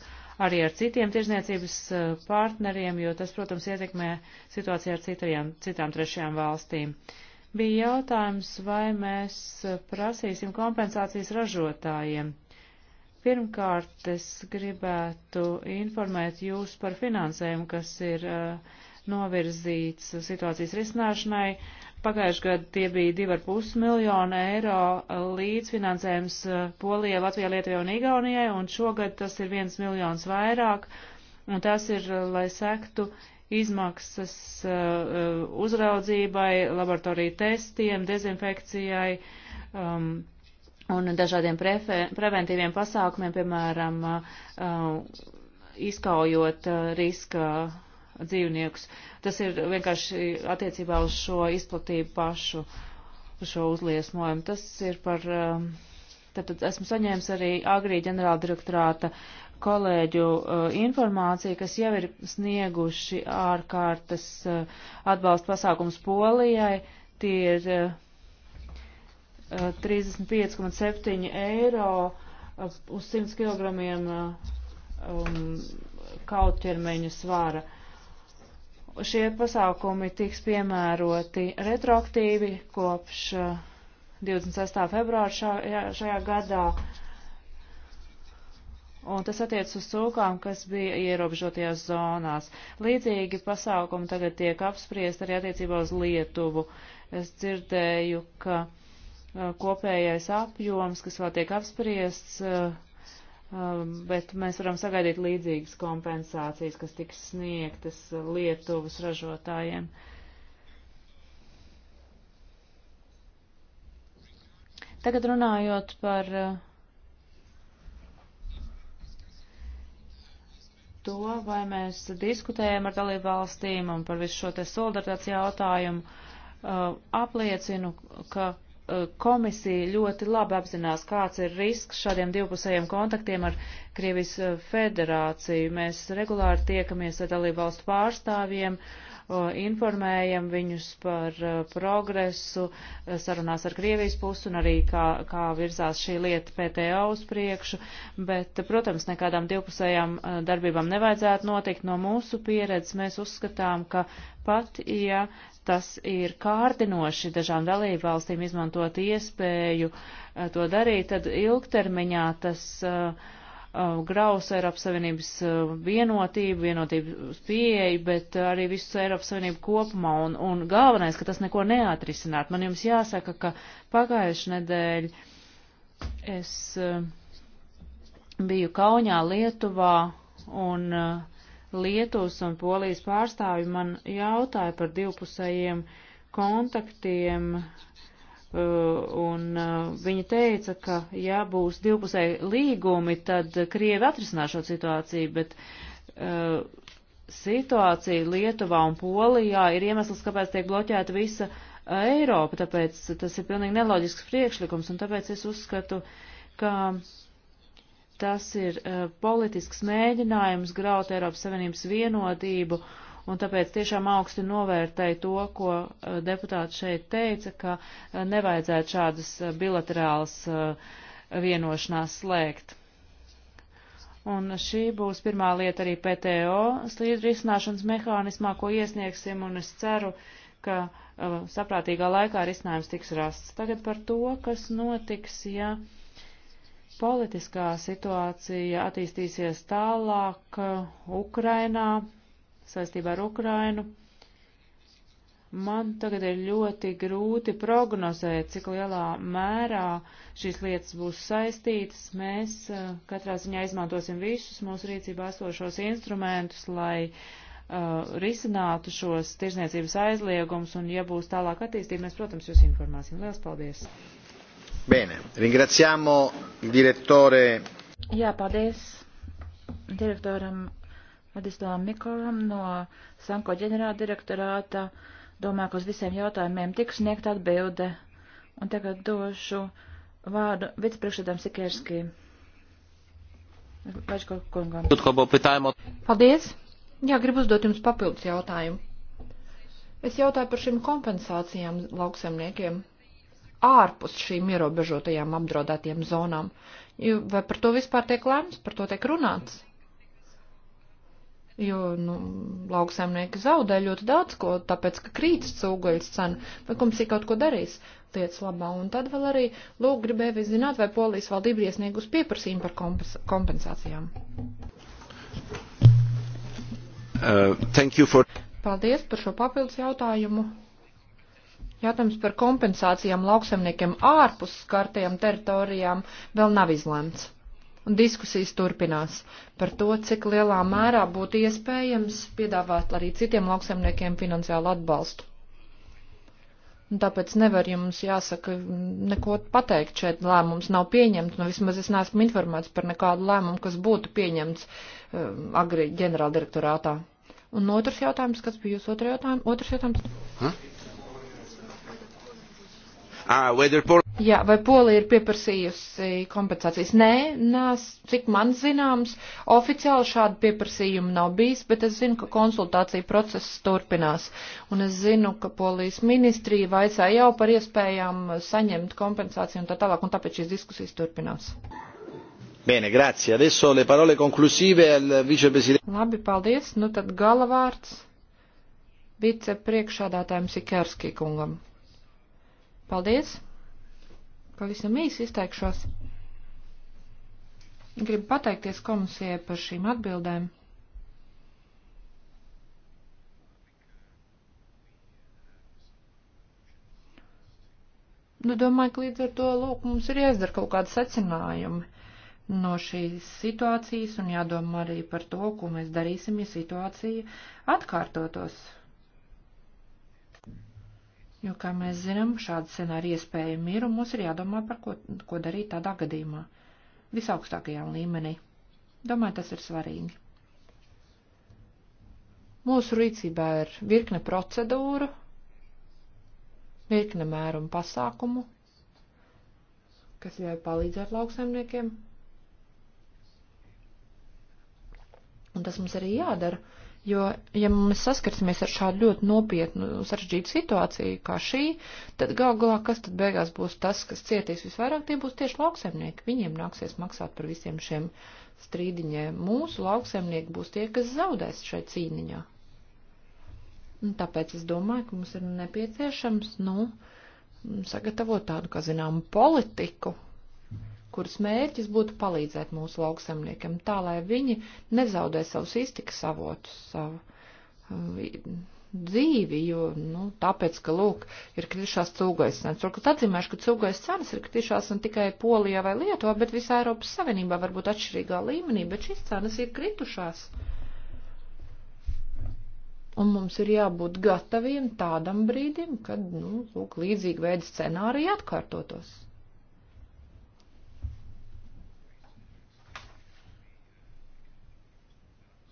arī ar citiem tirzniecības eh, partneriem, jo tas, protams, ietekmē situāciju ar citajām, citām trešajām valstīm. Bija jautājums, vai mēs eh, prasīsim kompensācijas ražotājiem. Pirmkārt, es gribētu informēt jūs par finansējumu, kas ir uh, novirzīts situācijas risināšanai Pagājuši gadu tie bija 2,5 miljonu eiro līdzfinansējums eh, Polijai, Latvijai, Lietuvai un Igaunijai, un šogad tas ir 1 miljons vairāk, un tas ir, eh, lai sektu izmaksas eh, uzraudzībai, laboratoriju testiem, dezinfekcijai um, un dažādiem prefe, preventīviem pasākumiem, piemēram, um, izkaujot riska dzīvniekus. Tas ir vienkārši attiecībā uz šo izplatību pašu, uz šo uzliesmojumu. Tas ir par, tātad um, esmu saņēmis arī agrī ģenerāla direktorāta kolēģu uh, informāciju, kas jau ir snieguši ārkārtas uh, atbalsta pasākums Polijai. Tie ir 35,7 uh, eiro uz 100 kg um, kaut ķermeņa svāra. Šie pasākumi tiks piemēroti retroaktīvi kopš 26. Eh, februāra šajā, šajā gadā. Un tas attiec uz cūkām, kas bija ierobežotajās zonās. Līdzīgi pasākumi tagad tiek apspriest arī attiecībā uz Lietuvu. Es dzirdēju, ka eh, kopējais apjoms, kas vēl tiek apspriests, eh, Um, bet mēs varam sagaidīt līdzīgas kompensācijas, kas tiks sniegtas Lietuvas ražotājiem. Tagad runājot par uh, to, vai mēs diskutējam ar dalību valstīm un par visu šo te solidaritātes jautājumu, uh, apliecinu, ka Eh, komisija ļoti labi apzinās, kāds ir risks šādiem divpusējiem kontaktiem ar Krievijas eh, federāciju. Mēs regulāri tiekamies ar dalību valstu pārstāvjiem informējam viņus par progresu e, sarunās ar Krievijas pusi un arī kā, kā virzās šī lieta PTO uz priekšu, bet, protams, nekādām divpusējām e, darbībām nevajadzētu notikt. No mūsu pieredzes mēs uzskatām, ka pat, ja tas ir kārdinoši dažām dalību valstīm izmantot iespēju e, to darīt, tad ilgtermiņā tas uh, Uh, graus Eiropas Savienības uh, vienotību, vienotības pieeju, bet uh, arī visu Eiropas Savienību kopumā. Un, un galvenais, ka tas neko neatrisināt. Man jums jāsaka, ka pagājuši nedēļ es biju Kaunjā, Lietuvā, un Lietuvas un Polijas pārstāvi man jautāja par divpusējiem kontaktiem Uh, un uh, viņa teica, ka ja būs divpusēji līgumi, tad Krievi atrisinās šo situāciju, bet uh, situācija Lietuvā un Polijā ir iemesls, kāpēc tiek bloķēta visa Eiropa, tāpēc tas ir pilnīgi neloģisks priekšlikums, un tāpēc es uzskatu, ka tas ir uh, politisks mēģinājums graut Eiropas Savienības vienotību un tāpēc tiešām augstu novērtēju to, ko eh, deputāts šeit teica, ka eh, nevajadzētu šādas eh, bilaterālas vienošanās slēgt. Un šī būs pirmā lieta arī PTO slīdu risināšanas mehānismā, ko iesniegsim, un es ceru, ka saprātīgā laikā risinājums tiks rasts. Tagad par to, kas notiks, ja politiskā situācija attīstīsies tālāk Ukrainā, saistībā ar Ukrainu. Man tagad ir ļoti grūti prognozēt, cik lielā mērā šīs lietas būs saistītas. Mēs uh, katrā ziņā izmantosim visus mūsu rīcībā esošos instrumentus, lai uh, risinātu šos tirzniecības aizliegumus, un ja būs tālāk attīstība, mēs, protams, jūs informāsim. Lielas paldies! Bene, ringraziamo il direttore. Jā, paldies direktoram Vadislavam Mikolam no Sanko ģenerāla direktorāta. Domāju, ka uz visiem jautājumiem tiks sniegt atbilde. Un tagad došu vārdu vicepriekšsēdām Sikerskī. Vaļško kungam. Paldies! Jā, gribu uzdot jums papildus jautājumu. Es jautāju par šīm kompensācijām lauksemniekiem ārpus šīm ierobežotajām apdraudētiem zonām. Vai par to vispār tiek lēmts, par to tiek runāts? Jo, nu, lauksaimnieki zaudē ļoti daudz ko, tāpēc, ka krīt cūgaļas cena, vai komisija kaut ko darīs lietas labā. Un tad vēl arī, lūk, gribēju zināt, vai polijas valdība iesniegus pieprasījumu par kompensācijām. Uh, thank you for. Paldies par šo papildus jautājumu. Jautājums par kompensācijām lauksaimniekiem ārpus skartajām teritorijām vēl nav izlēmts un diskusijas turpinās par to, cik lielā mērā būtu iespējams piedāvāt arī citiem lauksaimniekiem finansiālu atbalstu. Un tāpēc nevar jums jāsaka neko pateikt šeit. Lēmums nav pieņemts, nu vismaz es neesmu informēts par nekādu lēmumu, kas būtu pieņemts uh, agri ģenerāldirektorātā. Un otrs jautājums, kas bija jūsu otrs jautājums? Otrs jautājums? Ha? Ah, Jā, vai Polija ir pieprasījusi kompensācijas? Nē, nās, cik man zināms, oficiāli šādu pieprasījumu nav bijis, bet es zinu, ka konsultācija process turpinās. Un es zinu, ka Polijas ministrija vaicāja jau par iespējām saņemt kompensāciju un tā tālāk, un tāpēc šīs diskusijas turpinās. Bene, grazie. Adesso le parole conclusive al viceprezidente. Labi, paldies. Nu tad galavārds vicepriekšādātājiem Sikerskī kungam. Paldies! Pavisam īsi izteikšos. Gribu pateikties komisijai par šīm atbildēm. Nu, domāju, ka līdz ar to, lūk, mums ir jāizdara kaut kādi secinājumi no šīs situācijas un jādomā arī par to, ko mēs darīsim, ja situācija atkārtotos Jo, kā mēs zinām, šāda scenārija iespējami ir, un mums ir jādomā par ko, ko darīt tādā gadījumā, visaugstākajā līmenī. Domāju, tas ir svarīgi. Mūsu rīcībā ir virkne procedūru, virkne mēru un pasākumu, kas ļauj palīdzēt lauksaimniekiem. Un tas mums arī jādara, Jo, ja mēs saskarsimies ar šādu ļoti nopietnu, sarežģītu situāciju kā šī, tad gal galā kas tad beigās būs tas, kas cietīs visvairāk, tie būs tieši lauksaimnieki. Viņiem nāksies maksāt par visiem šiem strīdiņiem. Mūsu lauksaimnieki būs tie, kas zaudēs šai cīniņā. Un tāpēc es domāju, ka mums ir nepieciešams, nu, sagatavot tādu, kā zinām, politiku, kuras mērķis būtu palīdzēt mūsu lauksemniekiem, tā lai viņi nezaudē savus iztikas avotus, savu uh, dzīvi, jo, nu, tāpēc, ka, lūk, ir kritušās cūgais cenas. Turklāt atzīmēšu, ka cūgais cenas ir kritušās ne tikai Polijā vai Lietuvā, bet visā Eiropas Savienībā varbūt atšķirīgā līmenī, bet šīs cenas ir kritušās. Un mums ir jābūt gataviem tādam brīdim, kad, nu, lūk, līdzīgi veidi scenāriji atkārtotos.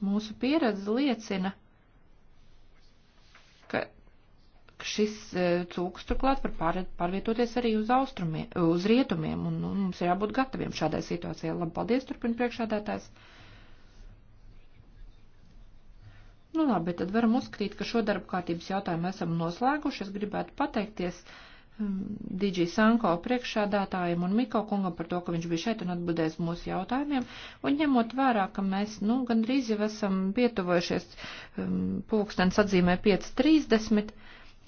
Mūsu pieredze liecina, ka šis e, cūks turklāt var pār, pārvietoties arī uz, austrumie, uz rietumiem, un, un mums ir jābūt gataviem šādai situācijai. Labi, paldies, turpina priekšādātājs. Nu labi, tad varam uzskatīt, ka šo darbu kārtības jautājumu esam noslēguši. Es gribētu pateikties Mm, Digi Sanko priekšādātājiem un Miko kungam par to, ka viņš bija šeit un atbildēs mūsu jautājumiem. Un ņemot vērā, ka mēs, nu, gandrīz jau esam pietuvojušies um, pulkstens atzīmē 5.30,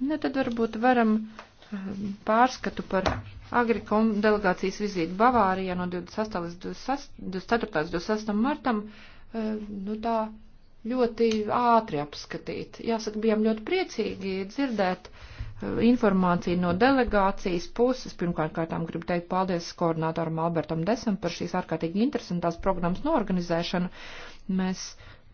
nu, tad varbūt varam um, pārskatu par Agrikom delegācijas vizīti Bavārijā no 28. līdz 24. 26. martam, um, nu, tā ļoti ātri apskatīt. Jāsaka, bijām ļoti priecīgi dzirdēt. Uh, informāciju no delegācijas puses. Pirmkārt, kārtām gribu teikt paldies koordinātoram Albertam Desam par šīs ārkārtīgi interesantās programmas noorganizēšanu. Mēs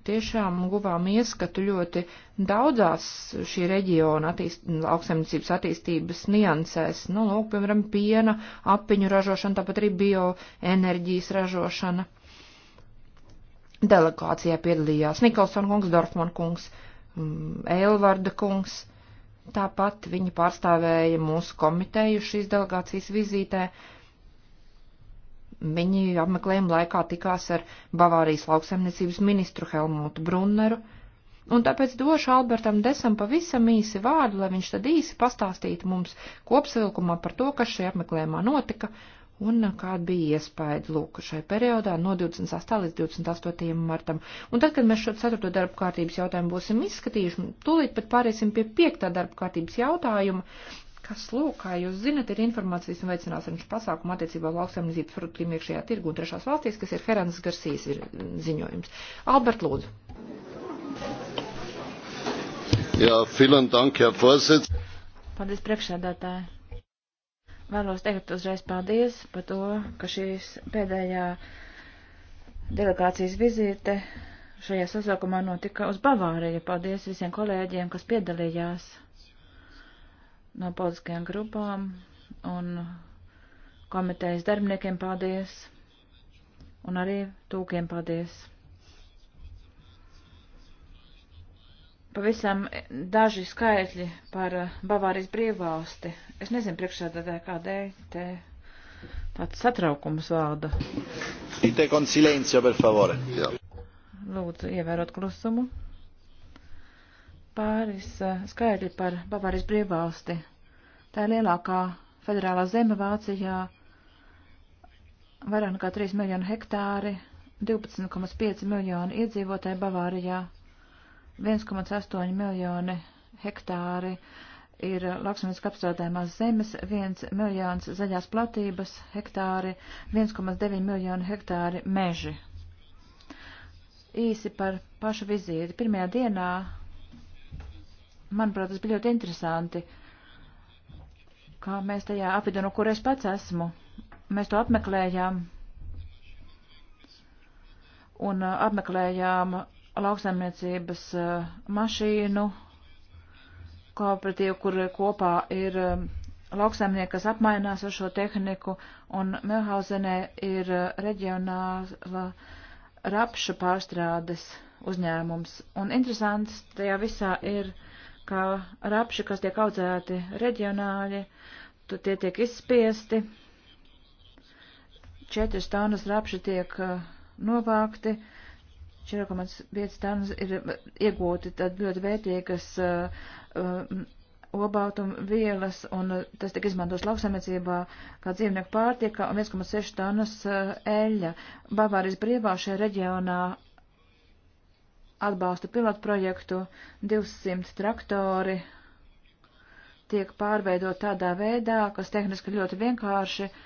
tiešām guvām ieskatu ļoti daudzās šī reģiona attīst, lauksaimniecības attīstības niansēs. Nu, lūk, piemēram, piena, apiņu ražošana, tāpat arī bioenerģijas ražošana. Delegācijā piedalījās Nikolson kungs, Dorfman kungs, mm, Eilvarda kungs Tāpat viņa pārstāvēja mūsu komiteju šīs delegācijas vizītē. Viņi apmeklējuma laikā tikās ar Bavārijas lauksaimniecības ministru Helmutu Brunneru, un tāpēc došu Albertam Desam pavisam īsi vārdu, lai viņš tad īsi pastāstītu mums kopsavilkumā par to, kas šajā apmeklējumā notika, un uh, kāda bija iespēja lūk šai periodā no 28. līdz 28. martam. Un tad, kad mēs šo ceturto darba kārtības jautājumu būsim izskatījuši, tūlīt pat pāriesim pie piektā darba kārtības jautājuma, kas, lūk, kā jūs zinat, ir informācijas un veicināšanas pasākuma attiecībā lauksaimniecības produktiem iekšējā tirgu un trešās valstīs, kas ir Herans Garsīs ir mm, ziņojums. Albert, lūdzu. Jā, ja, vielen dank, Herr Vorsitz. Paldies, priekšsēdētāji. Vēlos teikt uzreiz paldies par to, ka šīs pēdējā delegācijas vizīte šajā sasaukumā notika uz Bavāriju. Paldies visiem kolēģiem, kas piedalījās no politiskajām grupām un komitejas darbiniekiem paldies un arī tūkiem paldies. pavisam daži skaitļi par eh, Bavārijas brīvvalsti. Es nezinu priekšsēdētāji, kādēļ te tāds satraukums valda. Dite con silenzio, per favore. Jā. Lūdzu, ievērot klusumu. Pāris eh, skaitļi par Bavārijas brīvvalsti. Tā ir lielākā federālā zeme Vācijā, vairāk nekā 3 miljonu hektāri, 12,5 miljonu iedzīvotāju Bavārijā. 1,8 miljoni hektāri ir lauksamības apstrādājumās zemes, 1 miljons zaļās platības hektāri, 1,9 miljoni hektāri meži. Īsi par pašu vizīti. Pirmajā dienā, manuprāt, tas bija ļoti interesanti, kā mēs tajā apvidu, no kur es pats esmu. Mēs to apmeklējām un uh, apmeklējām lauksaimniecības eh, mašīnu kooperatīvu, kur kopā ir eh, lauksaimnieki, kas apmainās ar šo tehniku, un Melhausenē ir eh, reģionāla rapša pārstrādes uzņēmums. Un interesants tajā visā ir, ka rapši, kas tiek audzēti reģionāļi, tie tiek izspiesti, četras tonas rapši tiek novākti, uh, 4,5 tonnas ir uh, iegūti tad ļoti vērtīgas uh, uh, um, obātuma vielas, un uh, tas tika izmantos lauksamniecībā kā dzīvnieku pārtika, un 1,6 tonnas uh, eļļa. Bavārijas brīvā šajā reģionā atbalsta pilotprojektu 200 traktori tiek pārveidot tādā veidā, kas tehniski ļoti vienkārši uh,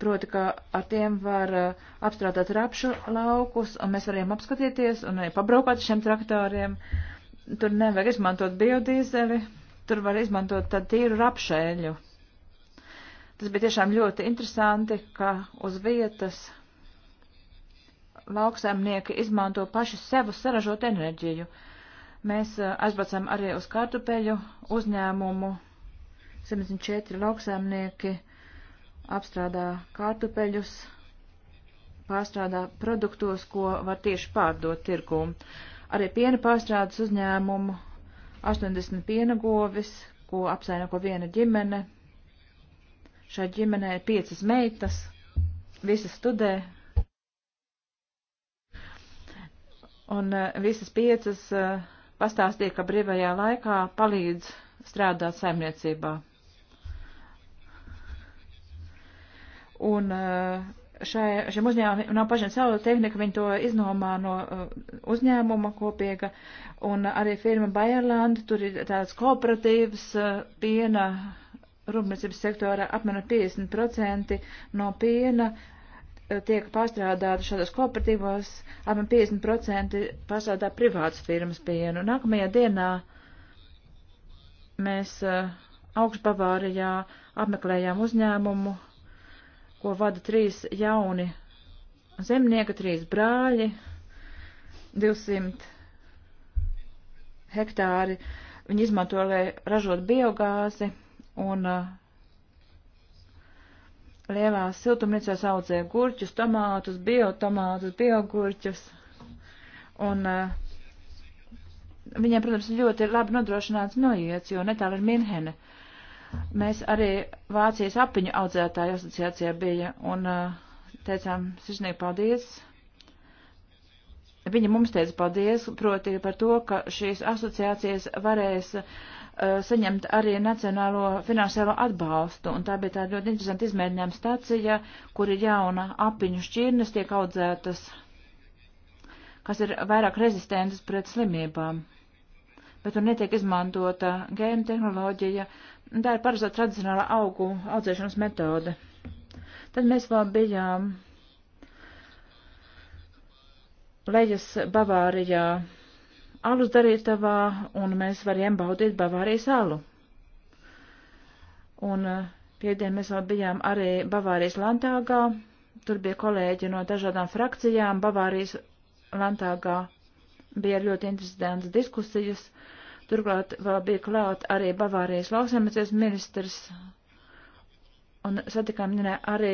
proti, ka ar tiem var eh, apstrādāt rapšu laukus, un mēs varējām apskatīties un arī pabraukāt šiem traktoriem. Tur nevajag izmantot biodīzeli, tur var izmantot tad tīru rapšēļu. Tas bija tiešām ļoti interesanti, ka uz vietas lauksaimnieki izmanto paši sevu saražot enerģiju. Mēs eh, aizbraucām arī uz kartupeļu uzņēmumu, 74 lauksaimnieki apstrādā kartupeļus, pārstrādā produktos, ko var tieši pārdot tirgū. Arī piena pārstrādes uzņēmumu 80 piena govis, ko apsainako viena ģimene. Šai ģimenei ir piecas meitas, visas studē. Un eh, visas piecas eh, pastāstīja, ka brīvajā laikā palīdz strādāt saimniecībā. Un eh, šai, šiem uzņēmumiem nav pašiem savu tehniku, viņi to iznomā no eh, uzņēmuma kopīga. Un arī firma Bayerland, tur ir tāds kooperatīvs eh, piena rūpniecības sektora apmēram 50% no piena tiek pārstrādāti šādos kooperatīvos, apmēram 50% pārstrādā privātas firmas pienu. Nākamajā dienā mēs augšbavārijā apmeklējām uzņēmumu, ko vada trīs jauni zemnieki, trīs brāļi, 200 hektāri. Viņi izmanto, lai ražot biogāzi un uh, lielās siltumnīcās audzē gurķus, tomātus, biotomātus, biogurķus. Un uh, viņiem, protams, ļoti labi nodrošināts noiets, jo netālu ir Minhene. Uh, Mēs arī Vācijas apiņu audzētāju asociācijā bija un uh, teicām sirsnīgi paldies. Viņa mums teica paldies, proti par to, ka šīs asociācijas varēs uh, saņemt arī nacionālo finansiālo atbalstu. Un tā bija tāda ļoti interesanta izmēģinājuma stacija, kur ir jauna apiņu šķirnes, tiek audzētas, kas ir vairāk rezistentas pret slimībām bet tur netiek izmantota gēna tehnoloģija. Tā ir parasta tradicionāla augu audzēšanas metode. Tad mēs vēl bijām lejas Bavārijā alus darītavā, un mēs varējām baudīt Bavārijas alu. Un uh, piekdien mēs vēl bijām arī Bavārijas Lantāgā, tur bija kolēģi no dažādām frakcijām Bavārijas Lantāgā bija ļoti interesantas diskusijas. Turklāt vēl bija klāt arī Bavārijas lauksaimniecības ministrs. Un satikām ne, arī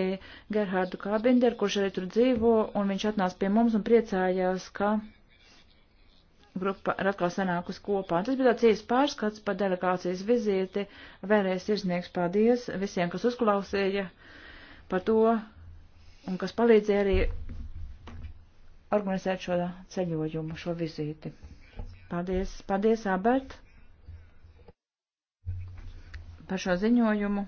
Gerhārdu Kābinder, kurš arī tur dzīvo, un viņš atnāca pie mums un priecājās, ka grupa ir atkal sanākus kopā. Tas bija tāds īsts pārskats par delegācijas vizīti. Vēlreiz sirsnieks paldies visiem, kas uzklausīja par to, un kas palīdzēja arī organizēt šo ceļojumu, šo vizīti. Paldies, paldies, Abert, par šo ziņojumu.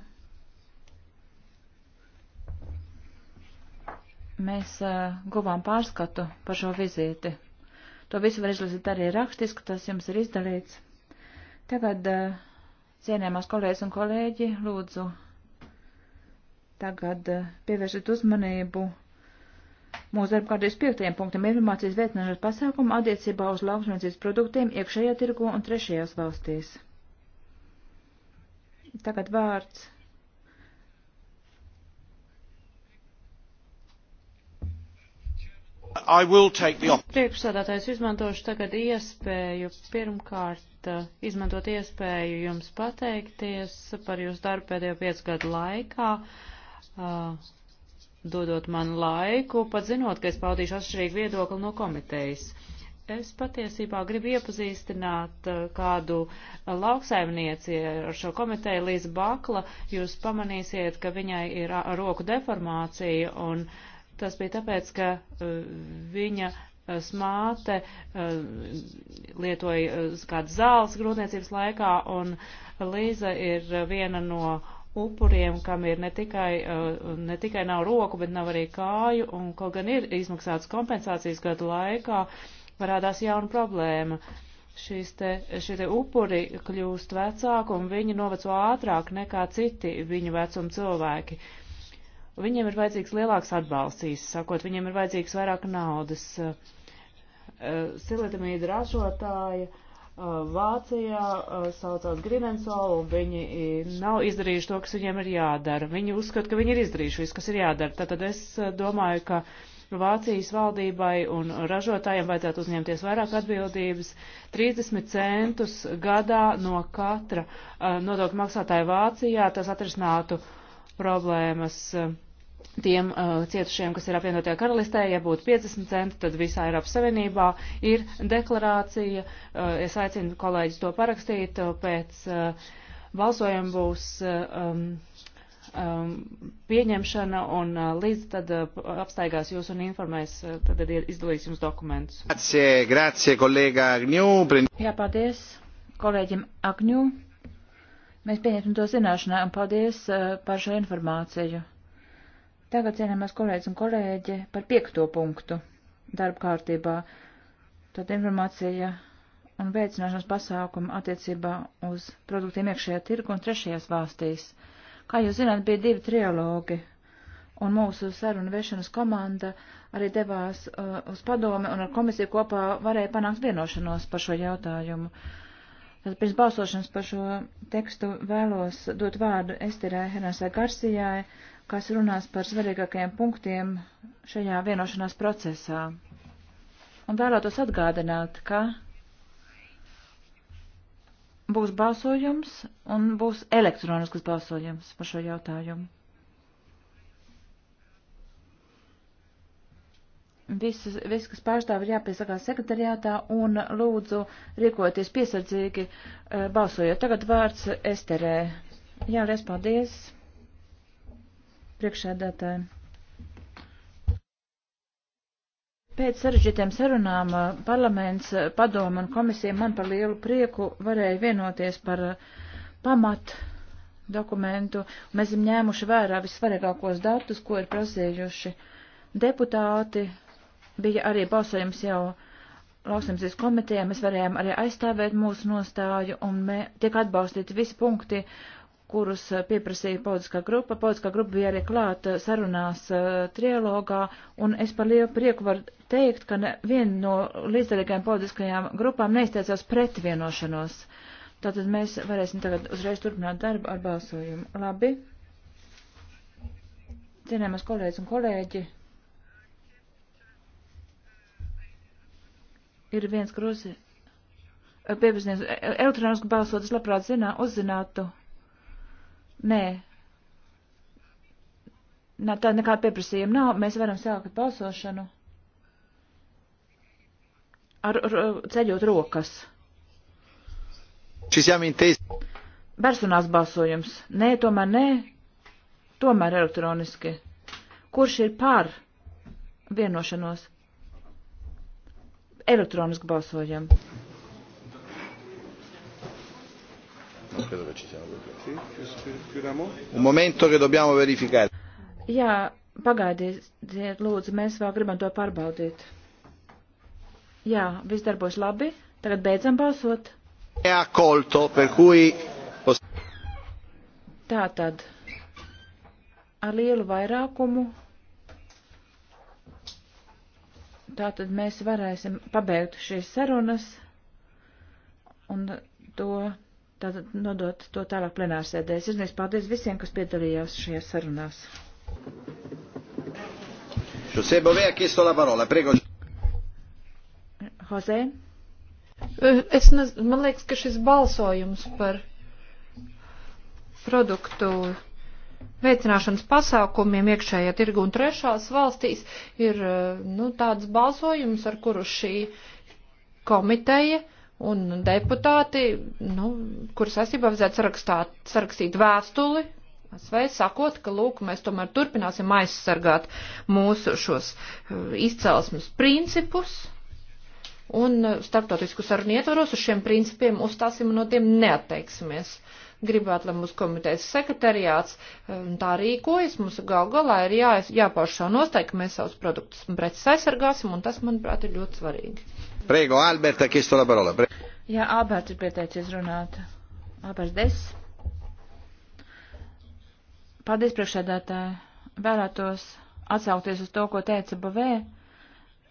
Mēs uh, guvām pārskatu par šo vizīti. To visu var izlasīt arī rakstiski, tas jums ir izdalīts. Tagad, uh, cienējamās kolēģis un kolēģi, lūdzu, tagad uh, pievēršat uzmanību Mūsu darbkārtības piektajiem punktam informācijas veicināšanas pasākumu attiecībā uz lauksmēnesīs produktiem iekšējā tirgu un trešajās valstīs. Tagad vārds. Priekšsādātājs izmantošu tagad iespēju pirmkārt uh, izmantot iespēju jums pateikties par jūsu darbu pēdējo piecu gadu laikā. Uh, dodot man laiku, pat zinot, ka es paudīšu atšķirīgu viedokli no komitejas. Es patiesībā gribu iepazīstināt eh, kādu eh, lauksaimnieci ar šo komiteju līdz bakla. Jūs pamanīsiet, ka viņai ir roku deformācija, un tas bija tāpēc, ka eh, viņa smāte lietoja kādas zāles grūtniecības laikā, un Līza ir viena no upuriem, kam ir ne tikai, uh, ne tikai nav roku, bet nav arī kāju, un kaut gan ir izmaksāts kompensācijas gadu laikā, parādās jauna problēma. Šis te, šie te upuri kļūst vecāki, un viņi noveco ātrāk nekā citi viņu vecuma cilvēki. Viņiem ir vajadzīgs lielāks atbalsts, īsi sakot, viņiem ir vajadzīgs vairāk naudas. Uh, uh, Silitamīda ražotāja Uh, Vācijā uh, saucās Grinensola, un viņi nav izdarījuši to, kas viņiem ir jādara. Viņi uzskata, ka viņi ir izdarījuši visu, kas ir jādara. Tātad es uh, domāju, ka Vācijas valdībai un ražotājiem vajadzētu uzņemties vairāk atbildības. 30 centus gadā no katra nodokļu maksātāja Vācijā tas atrisinātu problēmas. Uh, tiem uh, cietušiem, kas ir apvienotajā karalistē, ja būtu 50 centi, tad visā Eiropas Savienībā ir deklarācija. Uh, es aicinu kolēģis to parakstīt. Uh, pēc uh, balsojuma būs uh, um, um, pieņemšana un uh, līdz tad uh, apstaigās jūs un informēs, uh, tad izdalīs jums dokumentus. Grazie, grazie, kolēga Agņū. Jā, paldies kolēģim Agņū. Mēs pieņemsim to zināšanā un paldies uh, par šo informāciju. Tagad cienījamās kolēģis un kolēģi par piekto punktu darba kārtībā. Tad informācija un veicināšanas pasākumu attiecībā uz produktiem iekšējā tirgu un trešajās valstīs. Kā jūs zināt, bija divi trialogi, un mūsu sarunu vešanas komanda arī devās uh, uz padomi un ar komisiju kopā varēja panākt vienošanos par šo jautājumu. Tad pirms balsošanas par šo tekstu vēlos dot vārdu Esterē Henasai Garsijai, kas runās par svarīgākajiem punktiem šajā vienošanās procesā. Un vēlētos atgādināt, ka būs balsojums un būs elektronisks balsojums par šo jautājumu. Visas, viss, kas pārstāv, ir jāpiesakās sekretariātā un lūdzu rīkoties piesardzīgi eh, balsojot. Tagad vārds Esterē. Jā, liels paldies! priekšsēdētāji. Pēc sarežģītiem sarunām eh, parlaments, eh, padomu un komisija man par lielu prieku varēja vienoties par eh, pamat dokumentu. Mēs esam ņēmuši vērā vissvarīgākos datus, ko ir prasījuši deputāti. Bija arī balsojums jau lauksimsies komitejā, mēs varējām arī aizstāvēt mūsu nostāju un mē, tiek atbalstīti visi punkti, kurus eh, pieprasīja politiskā grupa. Politiskā grupa bija arī klāta eh, sarunās uh, trialogā, un es par lielu prieku varu teikt, ka viena no līdzdalīgajām politiskajām grupām neizteicās pret vienošanos. Tātad mēs varēsim tagad uzreiz turpināt darbu ar balsojumu. Labi. Cienējamas kolēģis un kolēģi. Ir viens grūzi. Pieprasījums elektronisku balsot, es labprāt zinā, uzzinātu. Nē. Nā, tā nekāda pieprasījuma nav. Mēs varam sākt balsošanu. Ar, ar, ceļot rokas. Šis jāmīnteis. Personāls balsojums. Nē, tomēr nē. Tomēr elektroniski. Kurš ir par vienošanos? Elektroniski balsojam. credo che ci siano problemi. Sì, chiudiamo. Un momento che dobbiamo verificare. Jā, pagaidiet, lūdzu, mēs vēl gribam to pārbaudīt. Jā, viss darbos labi. Tagad beidzam balsot. È accolto, per cui... Tātad, ar lielu vairākumu tātad mēs varēsim pabeigt šīs sarunas un to tātad nodot to tālāk plenārsēdē. Sirdnieks paldies visiem, kas piedalījās šajā sarunās. José Bové ha chiesto la parola, prego. José? Eh, es nez, man liekas, ka šis balsojums par produktu veicināšanas pasākumiem iekšējā tirgu un trešās valstīs ir eh, nu, tāds balsojums, ar kuru šī komiteja uh, Un deputāti, nu, kurus esībā vajadzētu sarakstāt, sarakstīt vēstuli, vai sakot, ka, lūk, mēs tomēr turpināsim aizsargāt mūsu šos eh, izcelsmes principus, un starptautisku sarunu ietvaros uz šiem principiem uzstāsim un no tiem neatteiksimies. Gribētu, lai mūsu komitejas sekretariāts eh, tā rīkojas, mums gal galā ir jā, jāpauž savu nostāju, ka mēs savus produktus un preces aizsargāsim, un tas, manuprāt, ir ļoti svarīgi. Prego, Albert, ha chiesto la parola. Prego. Jā, Alberts ir pieteicies runāt. Alberts Des. Paldies, priekšsēdētāji. Vēlētos atsaukties uz to, ko teica Bavē,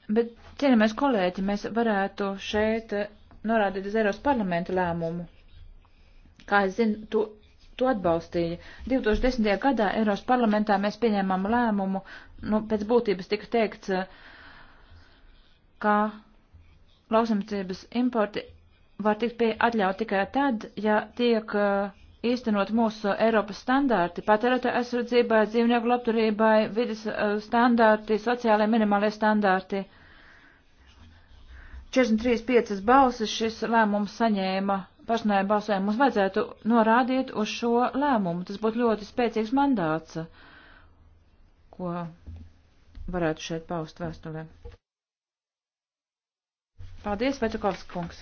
bet, cienījamies kolēģi, mēs varētu šeit eh, norādīt uz Eiropas parlamenta lēmumu. Kā es zinu, tu, tu atbalstīji. 2010. gadā Eiropas parlamentā mēs pieņēmām lēmumu, nu, pēc būtības tika teikts, eh, ka lauksamniecības importi var tikt pie atļaut tikai tad, ja tiek uh, īstenot mūsu Eiropas standārti patērētāju aizsardzībai, dzīvnieku labturībai, vidas uh, standārti, sociālajie minimālie standārti. 43,5 balsis šis lēmums saņēma pašnāju balsojumu. Mums vajadzētu norādīt uz šo lēmumu. Tas būtu ļoti spēcīgs mandāts, ko varētu šeit paust vēstulē. Paldies, Večakovs kungs.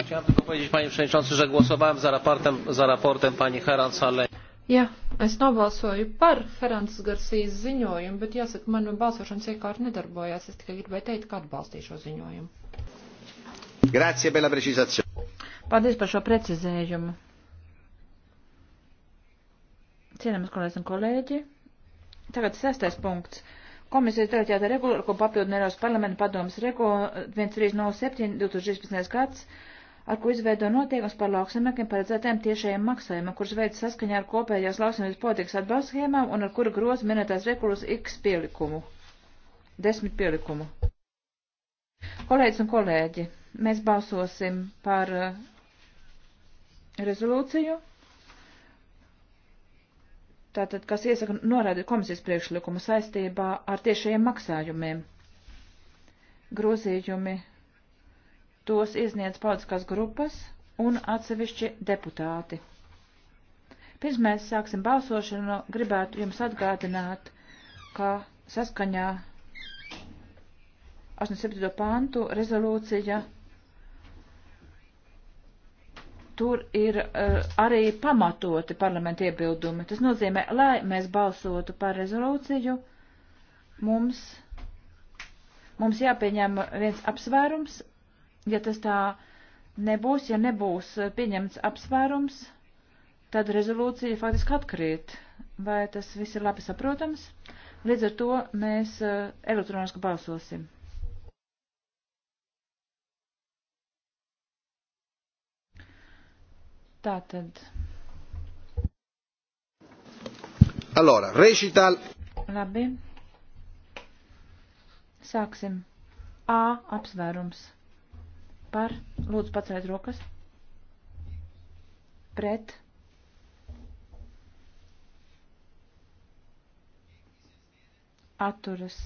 Chciałem tylko powiedzieć, panie przewodniczący, że głosowałem za raportem, za raportem pani Herans, ale... Jā, es nobalsoju par Ferences Garcijas ziņojumu, bet jāsaka, man balsošanas iekārta nedarbojās. Es tikai gribēju teikt, ka atbalstīšu šo ziņojumu. Grazie per la precizazione. Paldies par šo precizējumu. Cienams kolēģis un kolēģi. Tagad sestais punkts. Komisijas deleģēta regula, ko papildina Eiropas parlamenta padomas regula 1307-2016 gads, ar ko izveido noteikums par lauksaimniekiem paredzētiem tiešajiem maksājumiem, kurš veids saskaņā ar kopējās lauksaimniecības politikas atbalsta schēmām un ar kuru groz minētās regulas X pielikumu. Desmit pielikumu. Kolēģis un kolēģi, mēs balsosim par eh, rezolūciju tātad, kas iesaka norādīt komisijas priekšlikumu saistībā ar tiešajiem maksājumiem. Grozījumi tos iesniedz paudziskās grupas un atsevišķi deputāti. Pirms mēs sāksim balsošanu, gribētu jums atgādināt, ka saskaņā 87. pantu rezolūcija tur ir uh, arī pamatoti parlamenta iebildumi. Tas nozīmē, lai mēs balsotu par rezolūciju, mums, mums jāpieņem viens apsvērums, ja tas tā nebūs, ja nebūs pieņemts apsvērums, tad rezolūcija faktiski atkrīt. Vai tas viss ir labi saprotams? Līdz ar to mēs uh, elektroniski balsosim. Tātad. Allora, recital. Labi. Sāksim. A apsvērums. Par. Lūdzu, paceliet rokas. Pret. Atturas.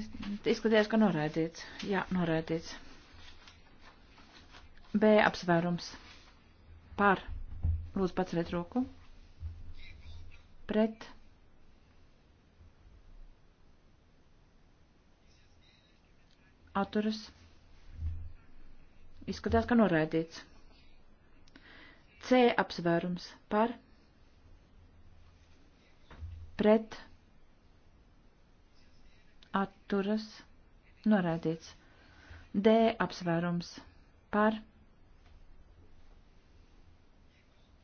Es izskatījos, ka noraidīts. Jā, noraidīts. B apsvērums. Par. Lūdzu, pats redz roku. Pret. Atturas. Izskatās, ka noraidīts. C apsvērums. Par. Pret. Pret atturas, noraidīts. D apsvērums par,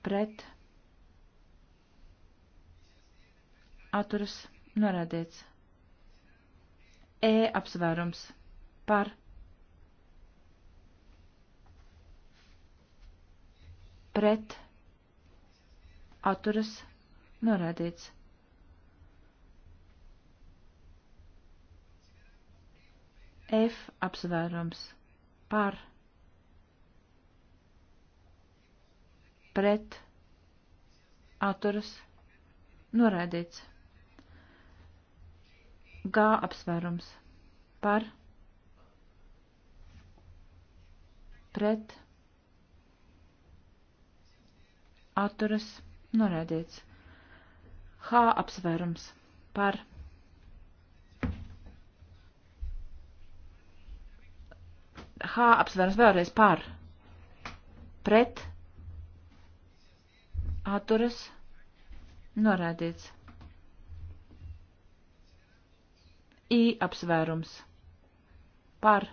pret, atturas, noraidīts. E apsvērums par, pret, atturas, noraidīts. F apsvērums par pret atturas noraidīts. G apsvērums par pret atturas noraidīts. H apsvērums par pret H apsvērums vēlreiz par pret atturas norādīts. I apsvērums par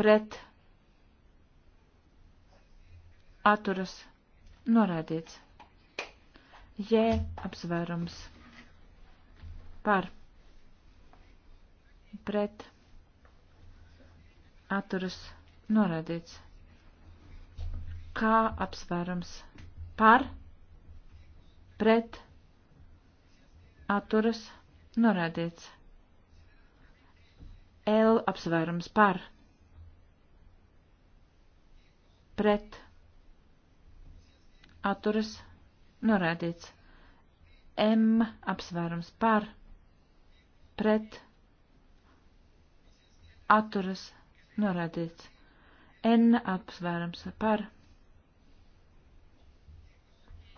pret atturas norādīts. J apsvērums par pret atturas norādīts. Kā apsvērums par pret atturas norādīts. L apsvērums par pret atturas norādīts. M apsvērums par pret atturas norādīts atturas norādīts. N apsvērums par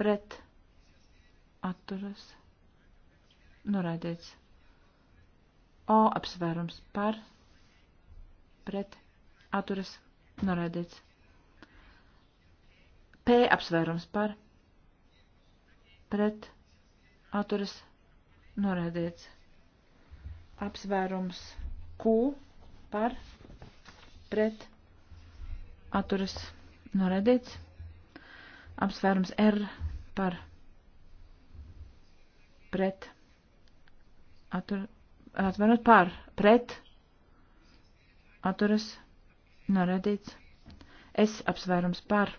pret atturas norādīts. O apsvērums par pret atturas norādīts. P apsvērums par pret atturas norādīts. Apsvērums Q par pret atturas noredīts. Apsvērums R par pret attur, atvarot par pret atturas noredīts. S apsvērums par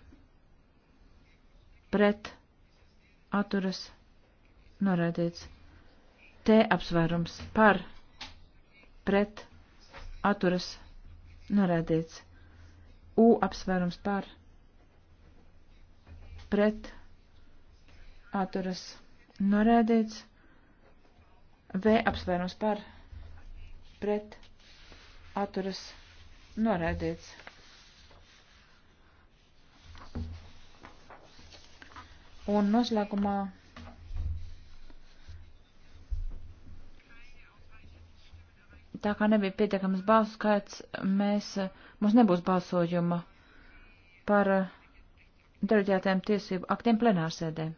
pret atturas noredīts. T apsvērums par pret atturas atturas norādīts. U apsvērums par pret atturas norādīts. V apsvērums par pret atturas norādīts. Un noslēgumā tā kā nebija pietiekams balsu skaits, mēs, mums nebūs balsojuma par eh, deleģētiem tiesību aktiem plenārsēdē.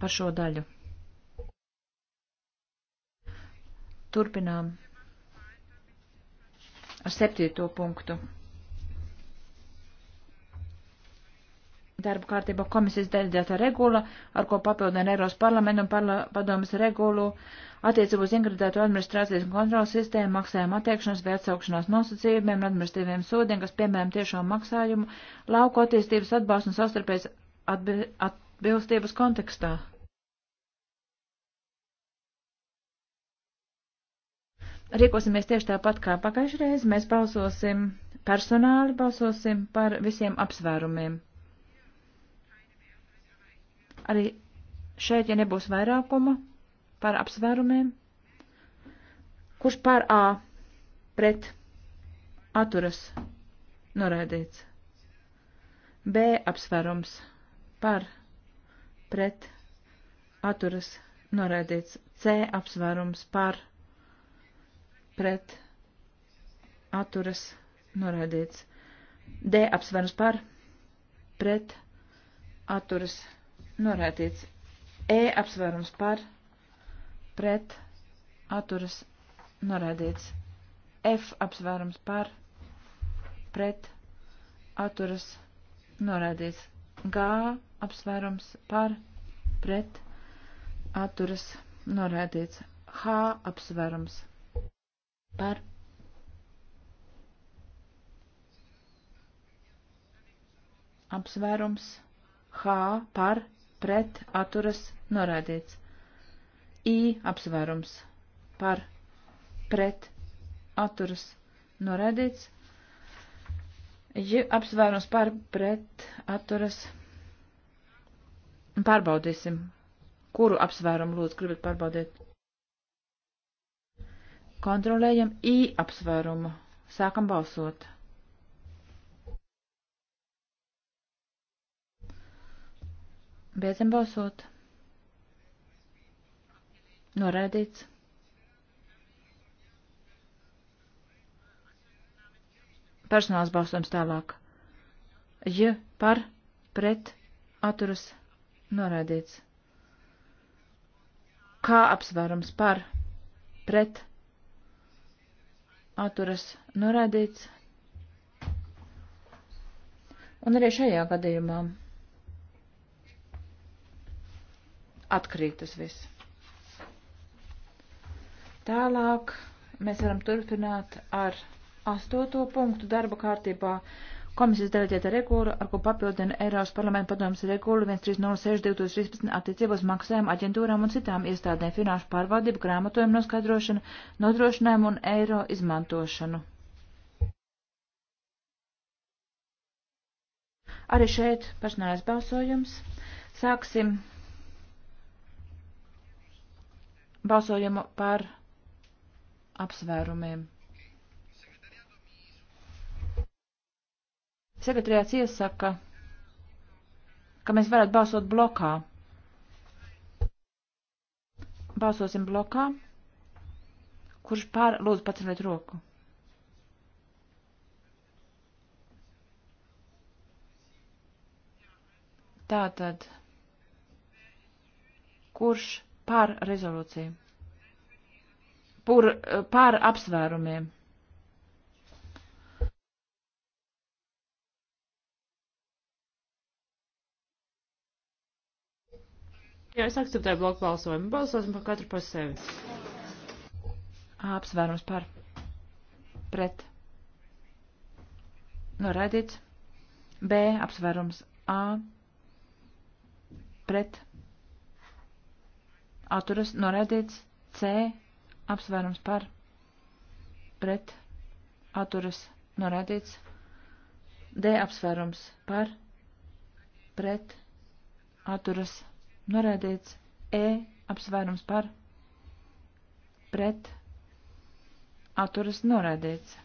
Par šo daļu. Turpinām ar septīto punktu. darba kārtībā komisijas delegētā regula, ar ko papildina Eiros parlamentu un parla padomas regulu attiecību uz ingredētu administrācijas un kontrolas sistēmu, maksājumu attiekšanas vai atsaukšanās nosacījumiem un administratīviem sodiem, kas piemēram tiešām maksājumu, lauku attīstības atbalstu un sastarpējas atbi atbilstības kontekstā. Rīkosimies tieši tāpat kā pagājušajā reizē. Mēs balsosim personāli, balsosim par visiem apsvērumiem. Arī šeit, ja nebūs vairākuma par apsvērumiem, kurš par A pret atturas noraidīts. B apsvērums par pret atturas noraidīts. C apsvērums par pret atturas noraidīts. D apsvērums par pret atturas noraidīts norētīts. E apsvērums par pret atturas norēdīts. F apsvērums par pret atturas norēdīts. G apsvērums par pret atturas norēdīts. H apsvērums par apsvērums H par pret pret atturas norādīts. I apsvērums par pret atturas norādīts. J apsvērums par pret atturas pārbaudīsim. Kuru apsvērumu lūdzu gribat pārbaudīt? Kontrolējam I apsvērumu. Sākam balsot. Beidzam balsot. Norādīts. Personāls balsojums tālāk. J par pret atturas norādīts. Kā apsvērums par pret atturas norādīts. Un arī šajā gadījumā atkrīt tas viss. Tālāk mēs varam turpināt ar astoto punktu darba kārtībā komisijas deleģēta regula, ar ko papildina Eiropas parlamenta padomas regula 1306-2013 attiecībos maksājuma aģentūrām un citām iestādēm finanšu pārvaldību, grāmatojumu noskaidrošanu, nodrošinājumu un eiro izmantošanu. Arī šeit personālais balsojums. Sāksim Balsojumu par apsvērumiem. Sekretariāts iesaka, ka mēs varētu balsot blokā. Balsosim blokā. Kurš pār, lūdzu, paceliet roku. Tātad, kurš pār rezolūciju, Pur, pār apsvērumiem. Jā, es akceptēju bloku balsojumu. Balsosim par katru par sevi. Apsvērums par. Pret. Noraidīts. B. Apsvērums A. Pret atturas noraidīts C apsvērums par pret atturas noraidīts D apsvērums par pret atturas noraidīts E apsvērums par pret atturas noraidīts.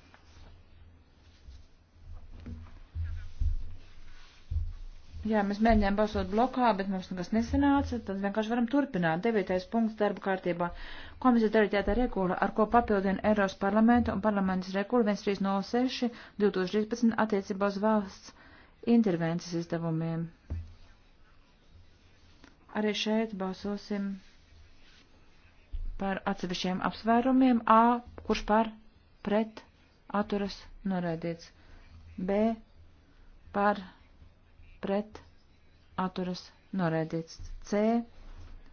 Jā, mēs mēģinājām balsot blokā, bet mums nekas nesanāca, tad vienkārši varam turpināt. Devītais punkts darba kārtībā. Komisija deleģētā regula, ar ko papildina Eiropas parlamenta un parlamentas regula 1306 2013 attiecībā uz valsts intervences izdevumiem. Arī šeit balsosim par atsevišķiem apsvērumiem. A, kurš par, pret, atturas, noraidīts. B, par, pret pret atturas noraidīts. C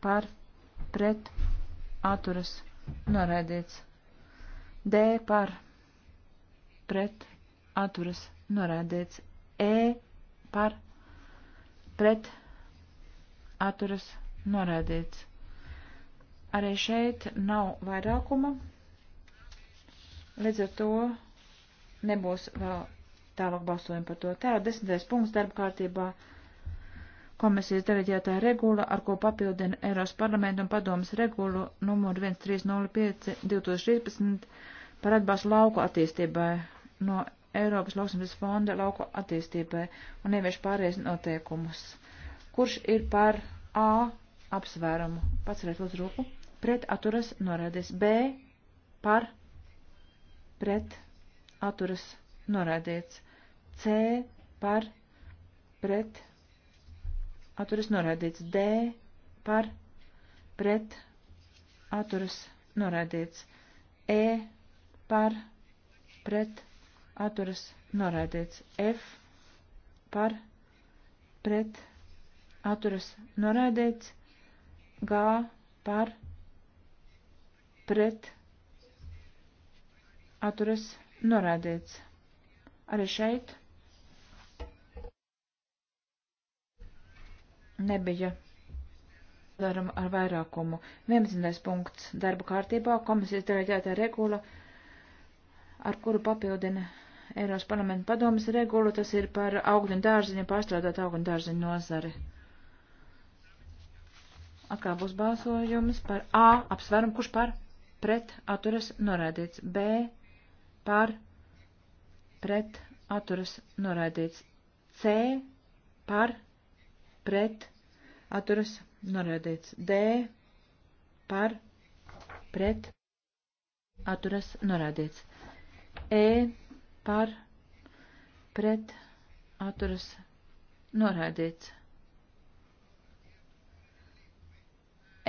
par pret atturas noraidīts. D par pret atturas noraidīts. E par pret atturas noraidīts. Arī šeit nav vairākuma, līdz ar to nebūs vēl Tālāk balsojam par to. Tā ir desmitais punkts darba kārtībā. Komisijas deleģētā regula, ar ko papildina Eiropas parlamenta un padomas regulu numur 1305-2013 par atbalstu lauku attīstībai no Eiropas lauksimības fonda lauku attīstībai un ievieš pārējais noteikumus. Kurš ir par A apsvērumu? Paceliet lūdzu roku. Pret atturas norādēs. B par pret atturas norādēs norādīts. C par pret atturas norādīts. D par pret atturas norādīts. E par pret atturas norādīts. F par pret atturas norādīts. G par pret atturas norādīts. Arī šeit nebija darām ar vairākumu. 11. punkts darba kārtībā komisijas delegētā regula, ar kuru papildina Eiropas parlamenta padomas regulu, tas ir par augļu un dārziņu, pārstrādāt augļu un dārziņu nozari. Atkal būs balsojums par A apsvarumu, kurš par pret atturas norādīts, B par pret pret atturas noraidīts. C par pret atturas noraidīts. D par pret atturas noraidīts. E par pret atturas noraidīts.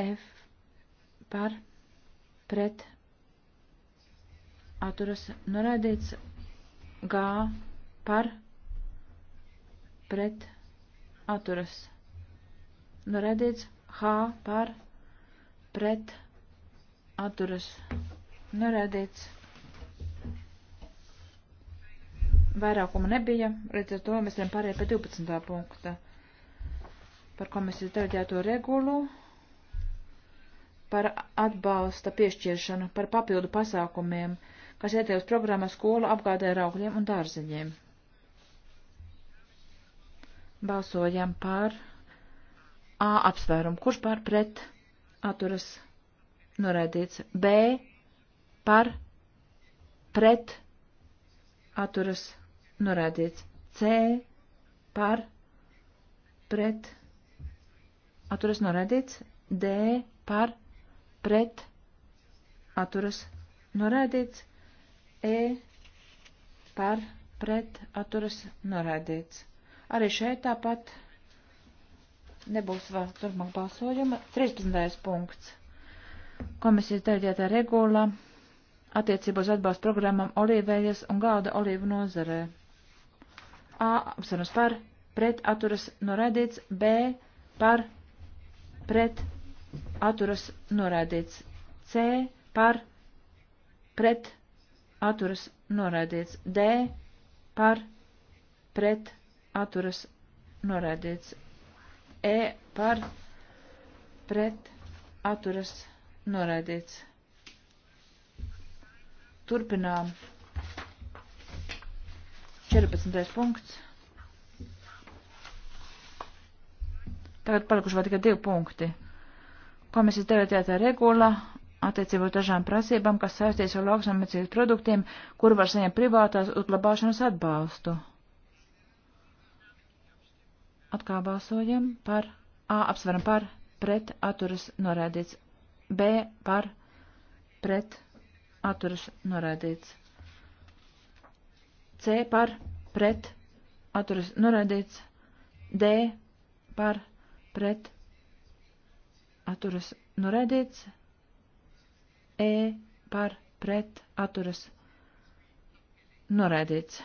F par pret atturas noraidīts. G par pret atturas. Noredīts nu, H par pret atturas. Noredīts. Nu, Vairākuma nebija, līdz ar to mēs varam pārēt pie 12. punkta par komisijas delegēto regulu par atbalsta piešķiršanu, par papildu pasākumiem, uh, kas ieteiks programmā skolu apgādē ar augļiem un dārzeņiem. Balsojam par A apsvērumu. Kurš par pret atturas noraidīts? B par pret atturas noraidīts. C par pret atturas noraidīts. D par pret atturas noraidīts. E par pret atturas noraidīts. Arī šeit tāpat nebūs vēl turpmāk balsojuma. 13. punkts. Komisijas deļģētā regula attiecībā uz atbalstu programmam olīvējas un gauda olīvu nozarē. A. Apsarums par pret atturas noraidīts. B. Par pret atturas noraidīts. C. Par pret atturas noraidīts atturas noraidīts. D par pret atturas noraidīts. E par pret atturas noraidīts. Turpinām. 14. punkts. Tagad palikuši vēl tikai divi punkti. Komisijas devētētā regula attiecībā uz dažām prasībām, kas saistīts ar lauksamniecības produktiem, kur var saņemt privātās uzlabāšanas atbalstu. Atkal balsojam par A apsveram par pret atturas norādīts. B par pret atturas norādīts. C par pret atturas norādīts. D par pret atturas norādīts. E par pret atturas noraidīts.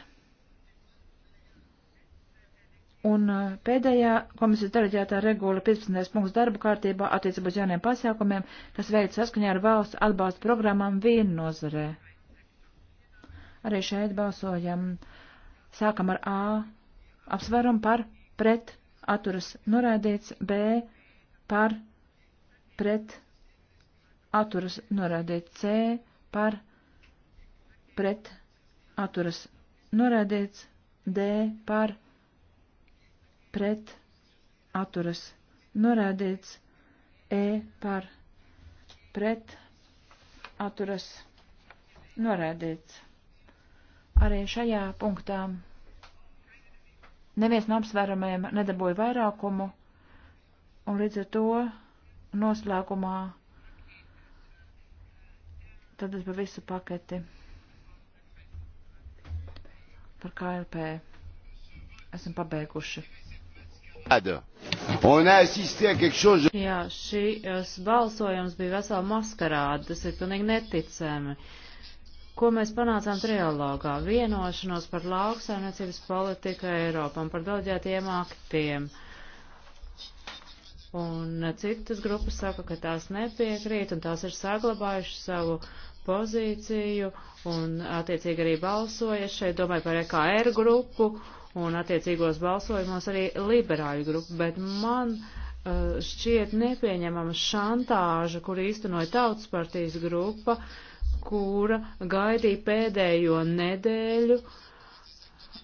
Un uh, pēdējā komisijas deleģētā regula 15. punkts darba kārtībā attiecībā uz jauniem pasākumiem, kas veids saskaņā ar valsts atbalsta programmām vienu nozarē. Arī šeit balsojam. Sākam ar A. Apsveram par pret atturas noraidīts B par pret atturas norādīt C par pret atturas norādīts D par pret atturas norādīts E par pret atturas norādīts. Arī šajā punktā neviens no apsvēramajiem nedabūja vairākumu, un līdz ar to noslēgumā Tad es par visu paketi par KLP esam pabeiguši. Jā, šis balsojums bija vesela maskarāda, tas ir pilnīgi neticami. Ko mēs panācām trialogā? Vienošanos par lauksaimniecības politiku Eiropam, par daudzētiem aktiem. Un citas grupas saka, ka tās nepiekrīt, un tās ir saglabājuši savu uh, pozīciju un attiecīgi arī balsoja. Es šeit domāju par EKR grupu un attiecīgos balsojumos arī liberāļu grupu, bet man uh, šķiet nepieņemama šantāža, kur īstenoja tautas partijas grupa, kura gaidīja pēdējo nedēļu uh,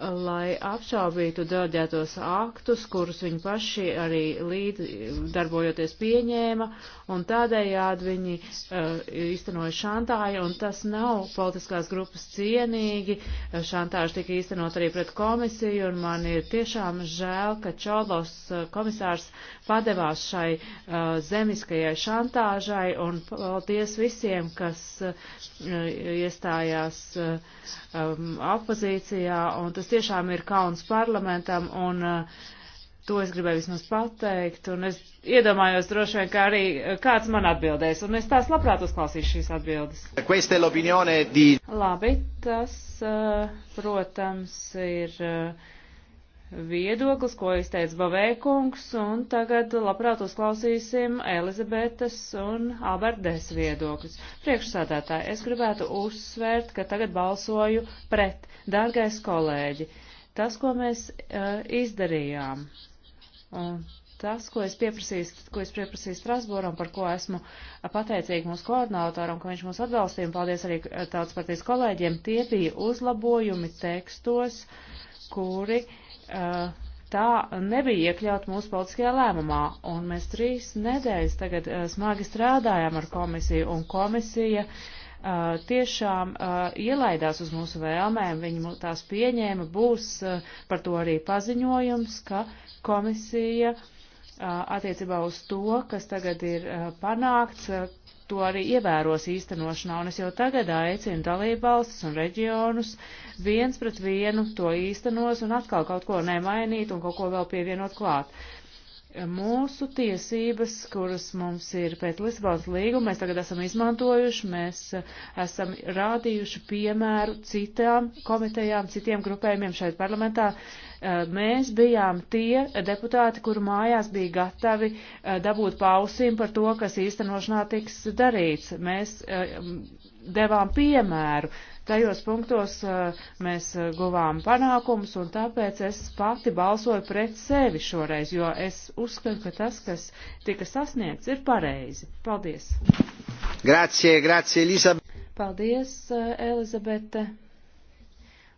lai apšaubītu dēļētos aktus, kurus viņi paši arī līdz darbojoties pieņēma, un tādējādi viņi uh, īstenoja šantāju, un tas nav politiskās grupas cienīgi. Šantāžu tika īstenot arī pret komisiju, un man ir tiešām žēl, ka Čolos uh, komisārs padevās šai uh, zemiskajai šantāžai, un paldies visiem, kas uh, iestājās uh, um, opozīcijā, un tas tas tiešām ir kauns parlamentam un uh, To es gribēju vismaz pateikt, un es iedomājos droši vien, ka arī kāds man atbildēs, un es tās labprāt uzklausīšu šīs atbildes. Labi, tas, uh, protams, ir uh, viedoklis, ko izteica Bavēkungs, un tagad labprāt uzklausīsim Elizabetes un Albertes viedoklis. Priekšsādātāji, es gribētu uzsvērt, ka tagad balsoju pret. Dārgais kolēģi, tas, ko mēs uh, izdarījām, un tas, ko es pieprasīju, ko es pieprasīju Strasbūram, par ko esmu pateicīgi mūsu koordinātoram, ka viņš mūs atbalstīja, un paldies arī tautas partijas kolēģiem, tie bija uzlabojumi tekstos, kuri uh, tā nebija iekļaut mūsu politiskajā lēmumā, un mēs trīs nedēļas tagad smagi strādājām ar komisiju, un komisija uh, tiešām uh, ielaidās uz mūsu vēlmēm, viņi tās pieņēma, būs uh, par to arī paziņojums, ka komisija attiecībā uz to, kas tagad ir panākts, to arī ievēros īstenošanā, un es jau tagad aicinu dalībvalstis un reģionus viens pret vienu to īstenos un atkal kaut ko nemainīt un kaut ko vēl pievienot klāt mūsu tiesības, kuras mums ir pēc Lisabonas līguma, mēs tagad esam izmantojuši, mēs esam rādījuši piemēru citām komitejām, citiem grupējumiem šeit parlamentā. Eh, mēs bijām tie deputāti, kuru mājās bija gatavi eh, dabūt pausīm par to, kas īstenošanā tiks darīts. Mēs eh, devām piemēru. Tajos punktos eh, mēs eh, guvām panākumus, un tāpēc es pati balsoju pret sevi šoreiz, jo es uzskatu, ka tas, kas tika sasniegts, ir pareizi. Paldies! Grazie, grazie, Elizabete! Paldies, eh, Elizabete!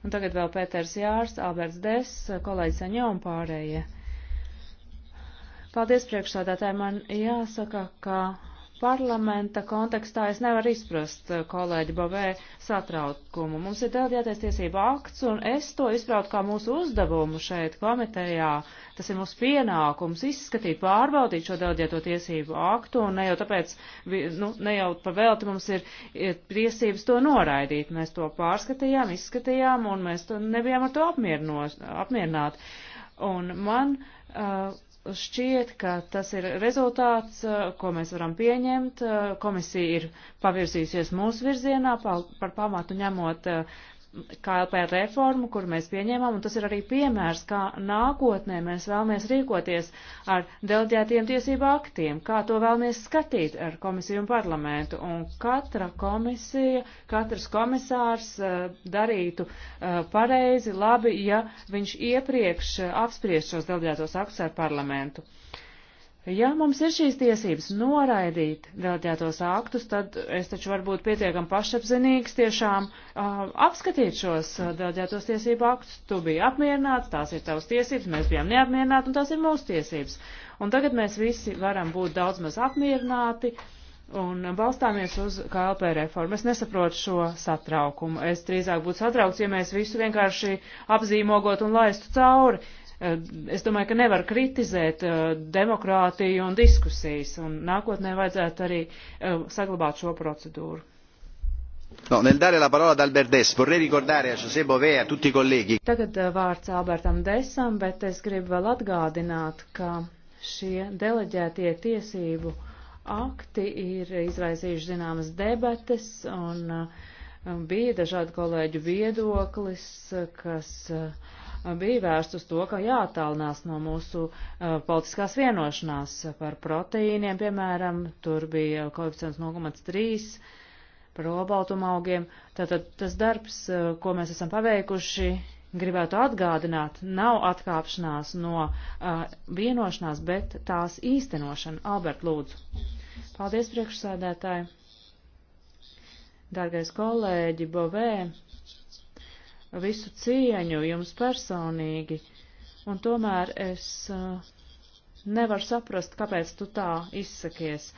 Un tagad vēl Pēters Jārs, Alberts Des, kolēģis Aņo un pārējie. Paldies priekšsādātāji, man jāsaka, ka parlamenta kontekstā es nevaru izprast eh, kolēģi Bavē satraukumu. Mums ir delegētais tiesība akts, un es to izprautu kā mūsu uzdevumu šeit komitejā. Tas ir mūsu pienākums izskatīt, pārbaudīt šo delegēto tiesību aktu, un ne jau tāpēc, nu, ne jau pavēlti mums ir tiesības to noraidīt. Mēs to pārskatījām, izskatījām, un mēs to nebijām ar to apmierināti. Un man uh, šķiet, ka tas ir rezultāts, eh, ko mēs varam pieņemt. Eh, komisija ir pavirzījusies mūsu virzienā par pamatu ņemot eh, KLP reformu, kur mēs pieņēmām, un tas ir arī piemērs, kā nākotnē mēs vēlamies rīkoties ar delģētiem tiesību aktiem, kā to vēlamies skatīt ar komisiju un parlamentu. Un katra komisija, katrs komisārs eh, darītu eh, pareizi, labi, ja viņš iepriekš eh, apspriest šos delģētos aktus ar parlamentu. Ja mums ir šīs tiesības noraidīt delģētos aktus, tad es taču varu būt pietiekam pašapzinīgs tiešām uh, apskatīt šos delģētos tiesību aktus. Tu biji apmierināts, tās ir tavas tiesības, mēs bijām neapmierināti un tās ir mūsu tiesības. Un tagad mēs visi varam būt daudz maz apmierināti un balstāmies uz KLP reformu. Es nesaprotu šo satraukumu. Es drīzāk būtu satraukts, ja mēs visu vienkārši apzīmogot un laistu cauri Eh, es domāju, ka nevar kritizēt eh, demokrātiju un diskusijas, un nākotnē vajadzētu arī eh, saglabāt šo procedūru. No, nel dare la parola ad Albert Dess, vorrei ricordare a José Bové, e a tutti i colleghi. Tagad vārds Albertam Dessam, bet es gribu vēl atgādināt, ka šie deleģētie tiesību akti ir izraisījuši zināmas debates un bija dažādi kolēģu viedoklis, kas uh, bija vērsts uz to, ka jātālinās no mūsu uh, politiskās vienošanās par proteīniem, piemēram, tur bija koeficients 0,3 par olbaltuma augiem. Tātad tas darbs, uh, ko mēs esam paveikuši, gribētu atgādināt, nav atkāpšanās no uh, vienošanās, bet tās īstenošana. Albert, lūdzu. Paldies, priekšsēdētāji. Dārgais kolēģi Bovē visu cieņu jums personīgi, un tomēr es uh, nevaru saprast, kāpēc tu tā izsakies.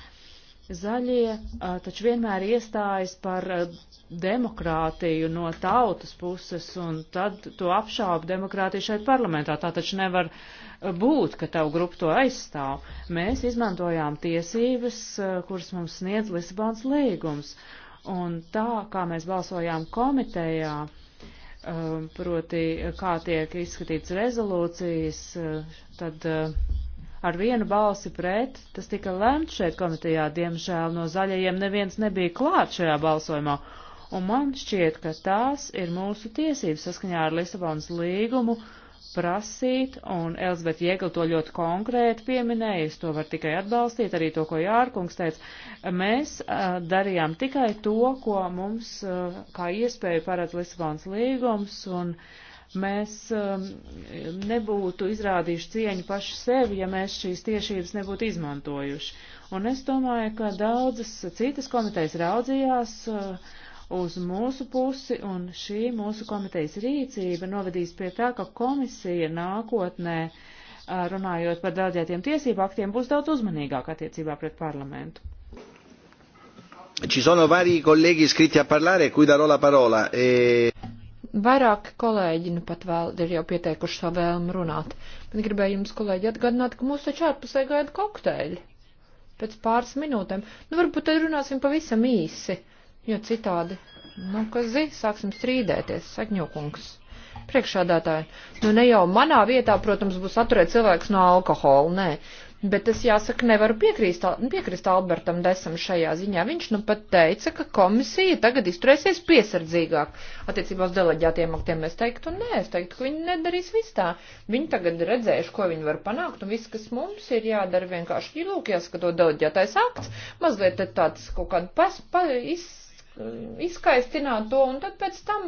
Zaļie uh, taču vienmēr iestājas par uh, demokrātiju no tautas puses, un tad to apšauba demokrātija šeit parlamentā. Tā taču nevar būt, ka tavu grupu to aizstāv. Mēs izmantojām tiesības, kuras mums sniedz Lisabons līgums, un tā, kā mēs balsojām komitejā, Um, proti, kā tiek izskatīts rezolūcijas, uh, tad uh, ar vienu balsi pret, tas tika lemts šeit komitejā, diemžēl no zaļajiem neviens nebija klāt šajā balsojumā, un man šķiet, ka tās ir mūsu tiesības saskaņā ar Lisabonas līgumu, uh, prasīt, un Elzbeta Jēgla to ļoti konkrēti pieminēja, es to varu tikai atbalstīt, arī to, ko Jārkungs teica. Mēs uh, darījām tikai to, ko mums uh, kā iespēju paredz Lisabons līgums, un mēs uh, nebūtu izrādījuši cieņu paši sevi, ja mēs šīs tiešības nebūtu izmantojuši. Un es domāju, ka daudzas citas komitejas raudzījās. Uh, uz mūsu pusi, un šī mūsu komitejas rīcība novedīs pie tā, ka komisija nākotnē, runājot par daudzētiem tiesību aktiem, būs daudz uzmanīgāk attiecībā pret parlamentu. Ci sono vari colleghi iscritti a parlare, cui darò la parola. E... Vairāki kolēģi nu pat vēl ir jau pieteikuši savu vēlmu runāt, bet gribēju jums, kolēģi, atgādināt, ka mūsu taču ārpusē gaida kokteļi pēc pāris minūtēm. Nu, varbūt tad runāsim pavisam īsi jo citādi, nu, kas zina, sāksim strīdēties, sakņokungs. Priekšādātāji, nu ne jau manā vietā, protams, būs atturēt cilvēks no alkohola, nē, Bet es jāsaka, nevaru piekrīst, piekrīst Albertam Desam šajā ziņā. Viņš nu pat teica, ka komisija tagad izturēsies piesardzīgāk attiecībā uz deleģētiem aktiem. Es teiktu, nē, es teiktu, ka viņi nedarīs viss tā. Viņi tagad redzējuši, ko viņi var panākt, un viss, kas mums ir jādara, vienkārši lūk, jāsaka, to deleģētais akts. Mazliet tāds kaut kāda pas, pa, iz, izskaistināt to, un tad pēc tam,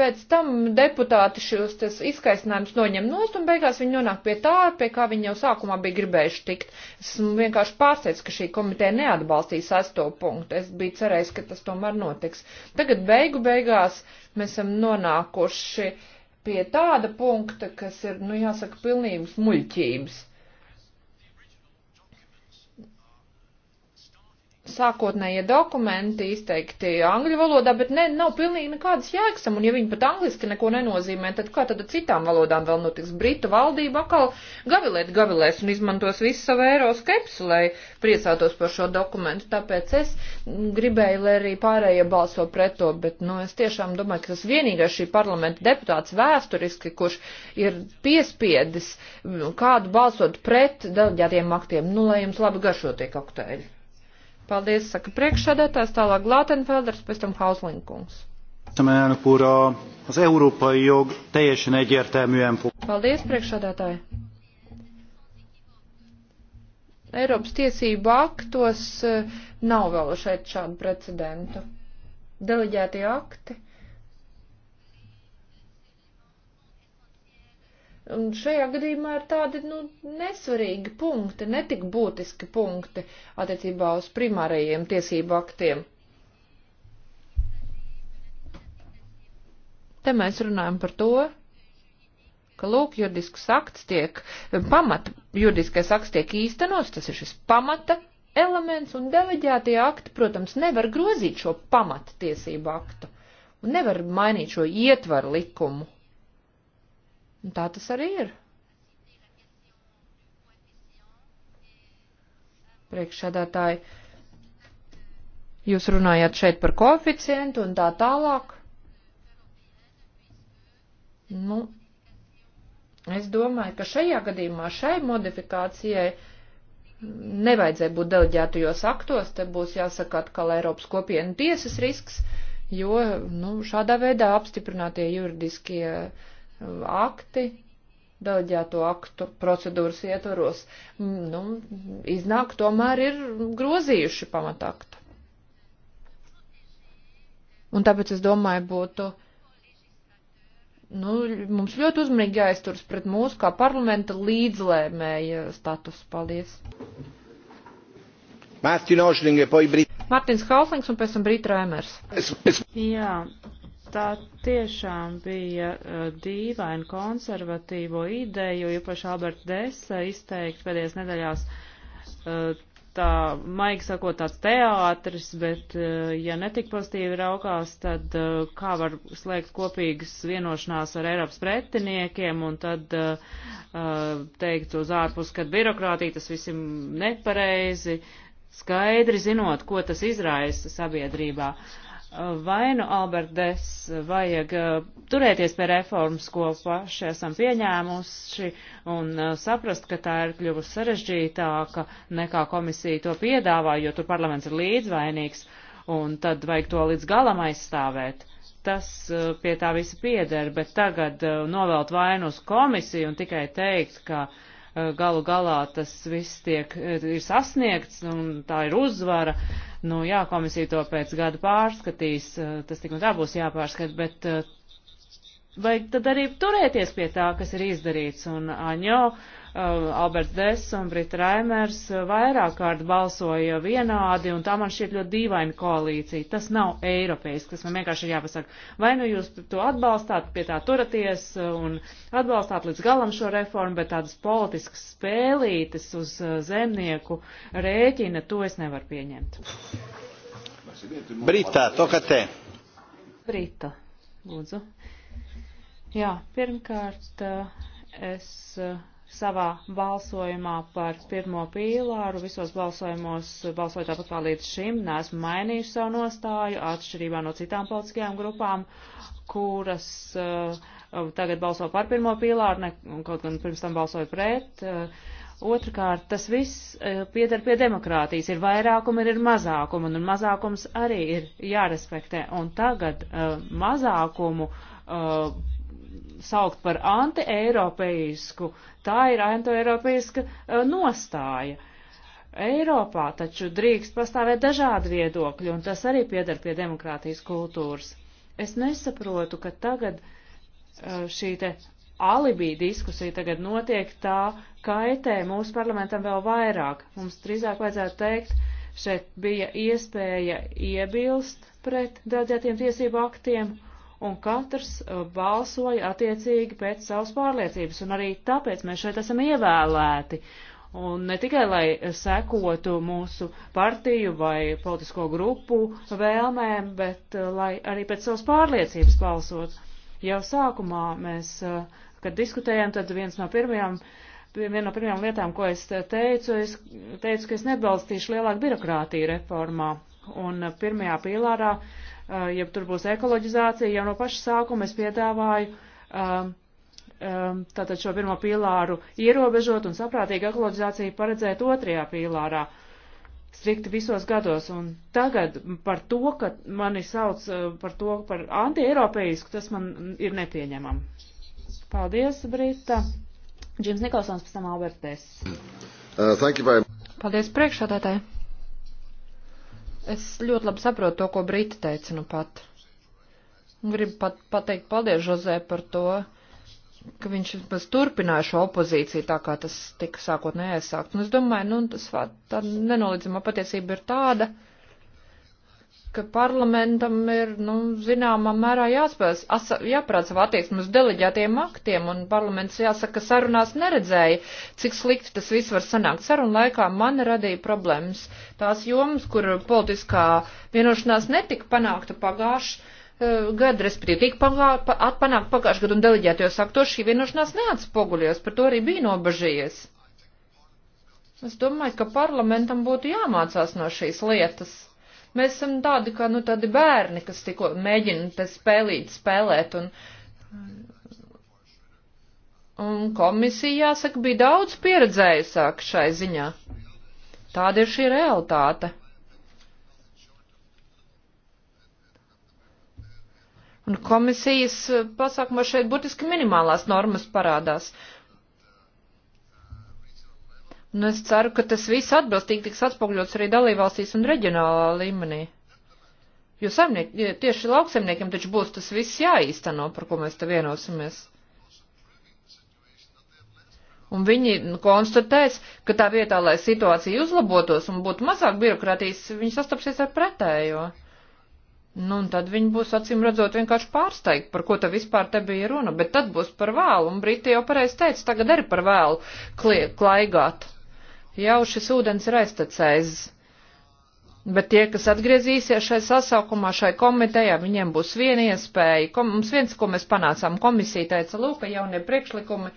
pēc tam deputāti šos izkaisinājumus noņem nost, un beigās viņi nonāk pie tā, pie kā viņi jau sākumā bija gribējuši tikt. Esmu vienkārši pārsteigts, ka šī komiteja neatbalstīs asto punktu. Es biju cerējis, ka tas tomēr notiks. Tagad beigu beigās mēs esam nonākuši pie tāda punkta, kas ir, nu jāsaka, pilnības muļķības sākotnējie dokumenti izteikti angļu valodā, bet ne, nav pilnīgi nekādas jēgsam, un ja viņi pat angliski neko nenozīmē, tad kā tad citām valodām vēl notiks? Britu valdība atkal gavilēt gavilēs un izmantos visu savu eiroskepsi, lai priecātos par šo dokumentu, tāpēc es gribēju, lai arī pārējie balso pret to, bet, nu, es tiešām domāju, ka tas vienīgais šī parlamenta deputāts vēsturiski, kurš ir piespiedis nu, kādu balsot pret daļģētiem aktiem, nu, lai jums labi garšo tie kokteļi. Paldies, saka priekšsēdētājs, tālāk Glātenfelders, pēc tam Hauslinkungs. Paldies, priekšsēdētāji. Eiropas tiesību aktos eh, nav vēl šeit šādu precedentu. Deleģētie akti Un šajā gadījumā ir tādi, nu, nesvarīgi punkti, netik būtiski punkti attiecībā uz primārajiem tiesību aktiem. Te mēs runājam par to, ka lūk, juridisks akts tiek, pamat, juridiskais akts tiek īstenots, tas ir šis pamata elements, un deleģētie akti, protams, nevar grozīt šo pamata tiesību aktu, un nevar mainīt šo ietvaru likumu. Un tā tas arī ir. Priekšsēdētāji, jūs runājāt šeit par koeficientu un tā tālāk. Nu, es domāju, ka šajā gadījumā šai modifikācijai nevajadzēja būt deleģētajos aktos, te būs jāsaka atkal Eiropas kopienu tiesas risks, jo, nu, šādā veidā apstiprinātie juridiskie uh, akti deleģēto aktu procedūras ietvaros, mm, nu, iznāk tomēr ir grozījuši pamataktu. Un tāpēc es domāju, būtu, nu, mums ļoti uzmanīgi jāizturas pret mūsu kā parlamenta līdzlēmēja status. Paldies! Mārtiņš Hauslings un pēc tam Brīta Rēmers. Jā, tā tiešām bija uh, dīvaina konservatīvo ideju, īpaši Alberta Desa izteikti pēdējās nedēļās uh, tā, maigi sakot, tāds teātris, bet uh, ja netik pozitīvi raukās, tad uh, kā var slēgt kopīgas vienošanās ar Eiropas pretiniekiem un tad uh, uh, teikt uz ārpus, ka birokrātija tas visam nepareizi, skaidri zinot, ko tas izraisa sabiedrībā. Uh, vai nu Albertdes vajag uh, turēties pie reformas, ko paši esam pieņēmuši, un uh, saprast, ka tā ir kļuvusi sarežģītāka nekā komisija to piedāvā, jo tur parlaments ir līdzvainīgs, un tad vajag to līdz galam aizstāvēt. Tas uh, pie tā visa pieder, bet tagad novelt vainu uz komisiju un tikai teikt, ka galu galā tas viss tiek, ir sasniegts un tā ir uzvara. Uh, Nu jā, komisija to pēc gada pārskatīs, eh, tas tik un tā būs jāpārskat, bet eh, vajag tad arī turēties pie tā, kas ir izdarīts. Un Aņo Uh, Alberts Des un Brita Raimers uh, vairāk kārt balsoja vienādi, un tā man šķiet ļoti dīvaina koalīcija. Tas nav eiropeiski, tas man vienkārši ir jāpasaka. Vai nu jūs to atbalstāt, pie tā turaties uh, un atbalstāt līdz galam šo reformu, bet tādas politiskas spēlītes uz zemnieku rēķina, to es nevaru pieņemt. Brita, toka te. Brita, lūdzu. Jā, pirmkārt, es savā balsojumā par pirmo pīlāru. Visos balsojumos balsoju tāpat kā līdz šim, neesmu mainījuši savu nostāju, atšķirībā no citām politiskajām grupām, kuras uh, tagad balso par pirmo pīlāru, ne, kaut gan pirms tam balsoju pret. Uh, Otrakārt, tas viss uh, pieder pie demokrātijas. Ir vairākumi, ir, ir mazākumi, un mazākums arī ir jārespektē. Un tagad uh, mazākumu uh, saukt par antieiropeisku, tā ir antieiropeiska eh, nostāja. Eiropā taču drīkst pastāvēt dažādi viedokļi, un tas arī piedar pie demokrātijas kultūras. Es nesaprotu, ka tagad eh, šī te alibī diskusija tagad notiek tā, kaitē mūsu parlamentam vēl vairāk. Mums drīzāk vajadzētu teikt, šeit bija iespēja iebilst pret daudzētiem tiesību aktiem, un katrs uh, balsoja attiecīgi pēc savas pārliecības, un arī tāpēc mēs šeit esam ievēlēti. Un ne tikai, lai sekotu mūsu partiju vai politisko grupu vēlmēm, bet uh, lai arī pēc savas pārliecības balsot. Jau sākumā mēs, uh, kad diskutējām, tad viens no pirmajām, viena no pirmajām lietām, ko es teicu, es teicu, ka es nebalstīšu lielāku birokrātiju reformā. Un pirmajā pīlārā uh, Eh, ja tur būs ekoloģizācija, jau no paša sākuma es piedāvāju eh, eh, tātad šo pirmo pīlāru ierobežot un saprātīgu ekoloģizāciju paredzēt otrajā pīlārā strikti visos gados. Un tagad par to, ka mani sauc par to par antieiropeisku, tas man ir nepieņemam. Paldies, Brita. Džims Nikolsons, pēc tam Albertēs. Uh, Paldies priekšādātāji. Es ļoti labi saprotu to, ko Brita teica nu pat. Gribu pat pateikt paldies Žozē par to, ka viņš pēc turpināja šo opozīciju tā, kā tas tika sākotnēji aizsākt. Un es domāju, nu, tas tā nenolīdzama patiesība ir tāda, uh, ka parlamentam ir, nu, zināmā mērā jāspēs, asa, jāprāt savu attieksmi uz deleģētiem aktiem, un parlaments jāsaka, ka sarunās neredzēja, cik slikti tas viss var sanākt. Sarunu laikā man radīja problēmas tās jomas, kur politiskā vienošanās netika panākta pagājuši eh, gadu, respektīvi, tika pagā, pa, atpanākt pagājušajā gadu un deleģētajos aktos šī vienošanās neatspoguļos, par to arī bija nobažījies. Es domāju, ka parlamentam būtu jāmācās no šīs lietas. Mēs esam tādi, kā, nu, tādi bērni, kas tikko mēģina te spēlīt, spēlēt, un, un komisija, jāsaka, bija daudz pieredzējusiāk šai ziņā. Tāda ir šī realitāte. Un komisijas pasākumā šeit burtiski minimālās normas parādās. Uh, Nu, es ceru, ka tas viss atbilstīgi tiks atspogļots arī dalībvalstīs un reģionālā līmenī. Jo saimniek, tieši lauksaimniekiem taču būs tas viss jāīsteno, par ko mēs te vienosimies. Un viņi konstatēs, ka tā vietā, lai situācija uzlabotos un būtu mazāk birokrātijas, viņi sastapsies ar pretējo. Nu, un tad viņi būs acīm redzot vienkārši pārsteigti, par ko te vispār te bija runa, bet tad būs par vēlu, un Briti jau pareizi teica, tagad arī par vēlu klaigāt jau šis ūdens ir aiztecējis. Bet tie, kas atgriezīsies šai sasaukumā, šai komitejā, viņiem būs viena iespēja. Kom, mums viens, ko mēs panācām, komisija teica, lūk, ka jaunie priekšlikumi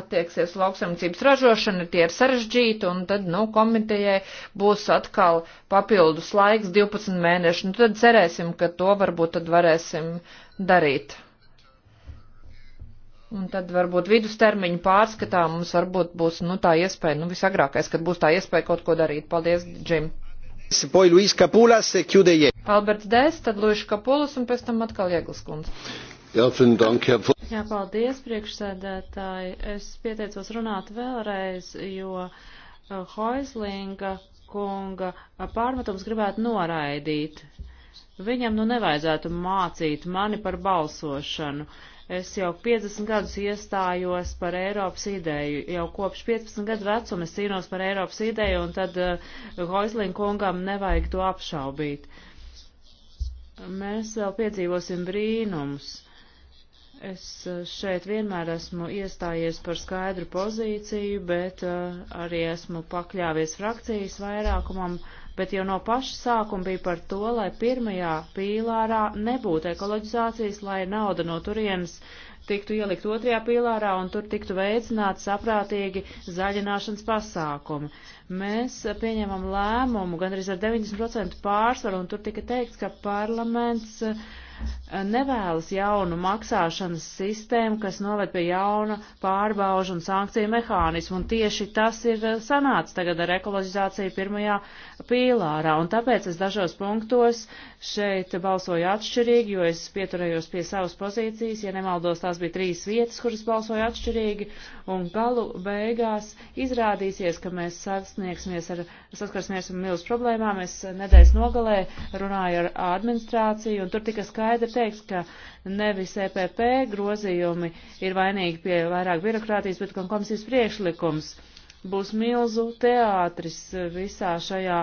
attieksies lauksaimniecības ražošana, tie ir sarežģīti, un tad, nu, komitejai būs atkal papildus laiks 12 mēneši. Nu, tad cerēsim, ka to varbūt tad varēsim darīt. Un tad varbūt vidustermiņu pārskatā mums varbūt būs, nu, tā iespēja, nu, visagrākais, kad būs tā iespēja kaut ko darīt. Paldies, Džim. Alberts Dēs, tad Luiša Kapulas un pēc tam atkal Jēglas kundze. Jā, Jā, paldies, priekšsēdētāji. Es pieteicos runāt vēlreiz, jo eh, Hoislinga kunga eh, pārmetums gribētu noraidīt. Viņam nu nevajadzētu mācīt mani par balsošanu. Uh, Es jau 50 gadus iestājos par Eiropas ideju. Jau kopš 15 gadu vecuma es cīnos par Eiropas ideju, un tad uh, eh, Hoizlin kungam nevajag to apšaubīt. Mēs vēl piedzīvosim brīnums. Es eh, šeit vienmēr esmu iestājies par skaidru pozīciju, bet uh, arī esmu pakļāvies frakcijas vairākumam. Uh, bet jau no paša sākuma bija par to, lai pirmajā pīlārā nebūtu ekoloģizācijas, lai nauda no turienes tiktu ielikt otrajā pīlārā un tur tiktu veicināti saprātīgi zaļināšanas pasākumi. Mēs pieņemam lēmumu gandrīz ar 90% pārsvaru un tur tika teikts, ka parlaments uh, nevēlas jaunu maksāšanas sistēmu, kas noved pie jauna pārbaužu un sankciju mehānismu. Un tieši tas ir eh, sanācis tagad ar ekoloģizāciju pirmajā pīlārā. Un tāpēc es dažos punktos šeit balsoju atšķirīgi, jo es pieturējos pie savas pozīcijas. Ja nemaldos, tās bija trīs vietas, kuras balsoju atšķirīgi. Un galu beigās izrādīsies, ka mēs sasniegsimies ar, saskarsimies ar milz problēmām. Es nedēļas nogalē runāju ar administrāciju, un tur tika skaidrs, skaidri teikts, ka nevis EPP grozījumi ir vainīgi pie vairāk birokrātijas, bet gan komisijas priekšlikums. Būs milzu teātris visā šajā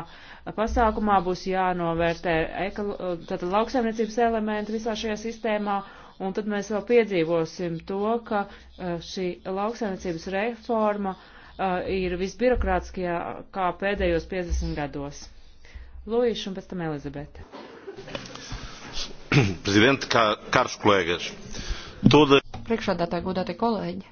pasākumā, būs jānovērtē ekolo, lauksaimniecības elementi visā šajā sistēmā, un tad mēs vēl piedzīvosim to, ka uh, šī lauksaimniecības reforma uh, ir visbirokrātiskajā kā pēdējos 50 gados. Lūīšu un pēc tam Elizabete. (clears throat) Prezidente, caros colegas, toda. Priekšādātāji, godātie kolēģi.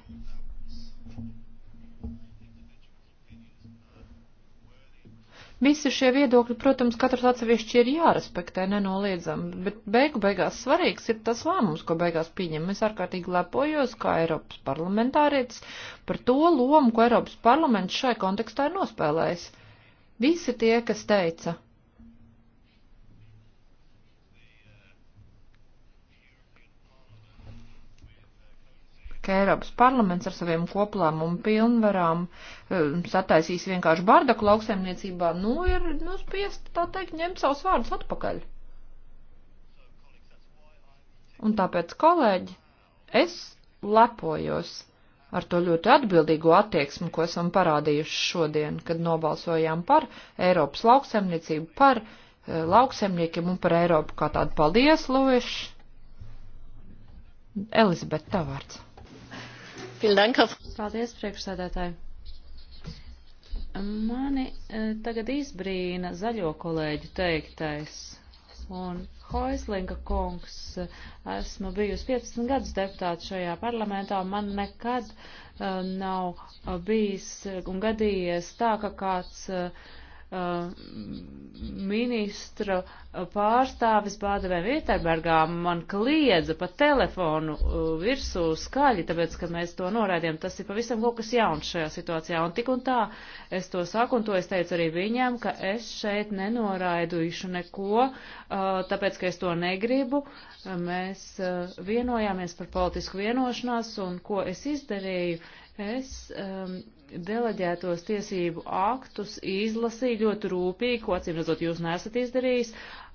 Visi šie viedokļi, protams, katrs atsevišķi ir jārespektē nenoliedzami, bet beigu beigās svarīgs ir tas lēmums, ko beigās pieņem. Es ārkārtīgi lepojos, kā Eiropas parlamentārietis, par to lomu, ko Eiropas parlaments šai kontekstā ir nospēlējis. Visi tie, kas teica, ka Eiropas parlaments ar saviem koplēmumu pilnvarām um, sataisīs vienkārši bardaku lauksaimniecībā, nu ir, nu, spiest, tā teikt, ņemt savus vārdus atpakaļ. Un tāpēc, kolēģi, es lepojos ar to ļoti atbildīgo attieksmi, ko esam parādījuši šodien, kad nobalsojām par Eiropas lauksaimniecību, par eh, lauksemniekiem un par Eiropu kā tādu. Paldies, Lūvišs! Elizabete, tā vārds. Paldies, priekšsēdētāji. Mani e, tagad izbrīna zaļo kolēģu teiktais. Un Hoislinga kungs, e, esmu bijusi 15 gadus deputāts šajā parlamentā, un man nekad uh, nav bijis un gadījies tā, ka kāds uh, Uh, ministra pārstāvis Bādevē Vieterbergā man kliedza pa telefonu uh, virsū skaļi, tāpēc, ka mēs to noraidījām. Tas ir pavisam kaut kas jauns šajā situācijā. Un tik un tā es to saku, un to es teicu arī viņam, ka es šeit nenoraidušu neko, uh, tāpēc, ka es to negribu. Mēs vienojāmies par politisku vienošanās, un ko es izdarīju? Es um, deleģētos tiesību aktus izlasīju ļoti rūpīgi, ko acīm redzot jūs nesat izdarījis,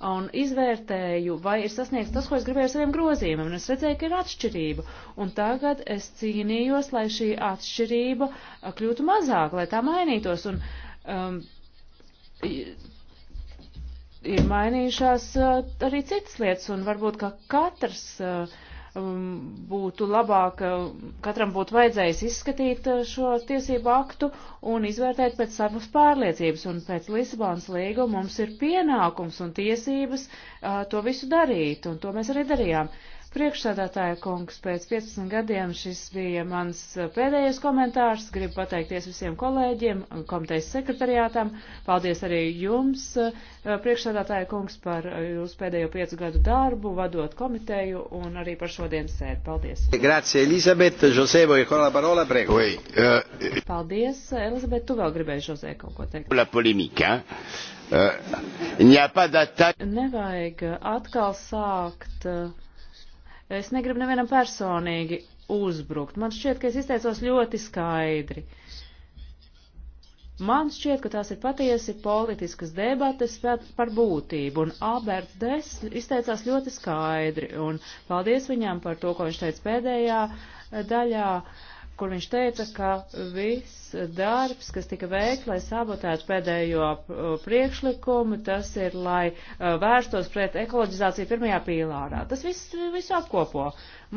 un izvērtēju, vai ir sasniegts tas, ko es gribēju ar saviem grozījumiem, un es redzēju, ka ir atšķirība. Un tagad es cīnījos, lai šī atšķirība kļūtu mazāk, lai tā mainītos. Un, um, ir mainījušās uh, arī citas lietas, un varbūt, ka katrs. Uh, Um, būtu labāk, uh, katram būtu vajadzējis izskatīt uh, šo tiesību aktu un izvērtēt pēc savas pārliecības, un pēc Lisabonas līguma mums ir pienākums un tiesības uh, to visu darīt, un to mēs arī darījām. Priekšsādātāja kungs, pēc 15 gadiem šis bija mans eh, pēdējais komentārs. Gribu pateikties visiem kolēģiem, komitejas sekretariātam. Paldies arī jums, eh, priekšsādātāja kungs, par eh, jūsu pēdējo 5 gadu darbu, vadot komiteju un arī par šodienas sēdi. Paldies. Grazie, Elizabete. Jose, voglio ancora la parola, prego. Oui. Uh, Paldies, Elizabete. Tu vēl gribēji, Jose, kaut ko teikt. La polemika. Uh, Nevajag atkal sākt. Uh, Es negribu nevienam personīgi uzbrukt. Man šķiet, ka es izteicos ļoti skaidri. Man šķiet, ka tās ir patiesi politiskas debates par būtību, un Alberts Des izteicās ļoti skaidri, un paldies viņam par to, ko viņš teica pēdējā daļā. Uh, kur viņš teica, ka viss darbs, kas tika veikts, lai sabotētu pēdējo priekšlikumu, tas ir, lai vērstos pret ekoloģizāciju pirmajā pīlārā. Tas viss, visu apkopo.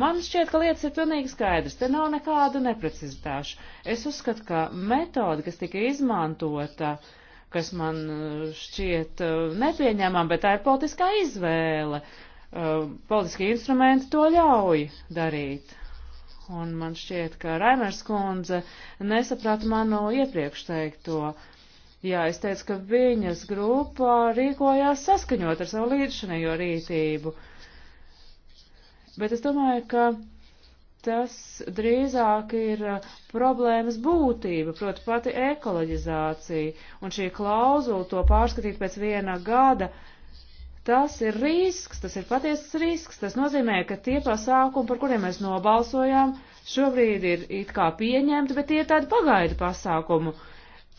Man šķiet, ka lietas ir pilnīgi skaidrs, te nav nekādu neprecizitāšu. Es uzskatu, ka metode, kas tika izmantota, kas man šķiet nepieņemama, bet tā ir politiskā izvēle. Politiskie instrumenti to ļauj darīt Un man šķiet, ka Raimers kundze nesaprata manu iepriekš teikto. Jā, es teicu, ka viņas grupā rīkojās saskaņot ar savu līdzšanējo rītību. Bet es domāju, ka tas drīzāk ir uh, problēmas būtība, proti pati ekoloģizācija. Un šī klauzula to pārskatīt pēc viena gada uh, Tas ir risks, tas ir patiesas risks. Tas nozīmē, ka tie pasākumi, par kuriem mēs nobalsojām, šobrīd ir it kā pieņemti, bet tie ir tādi pagaidu pasākumu.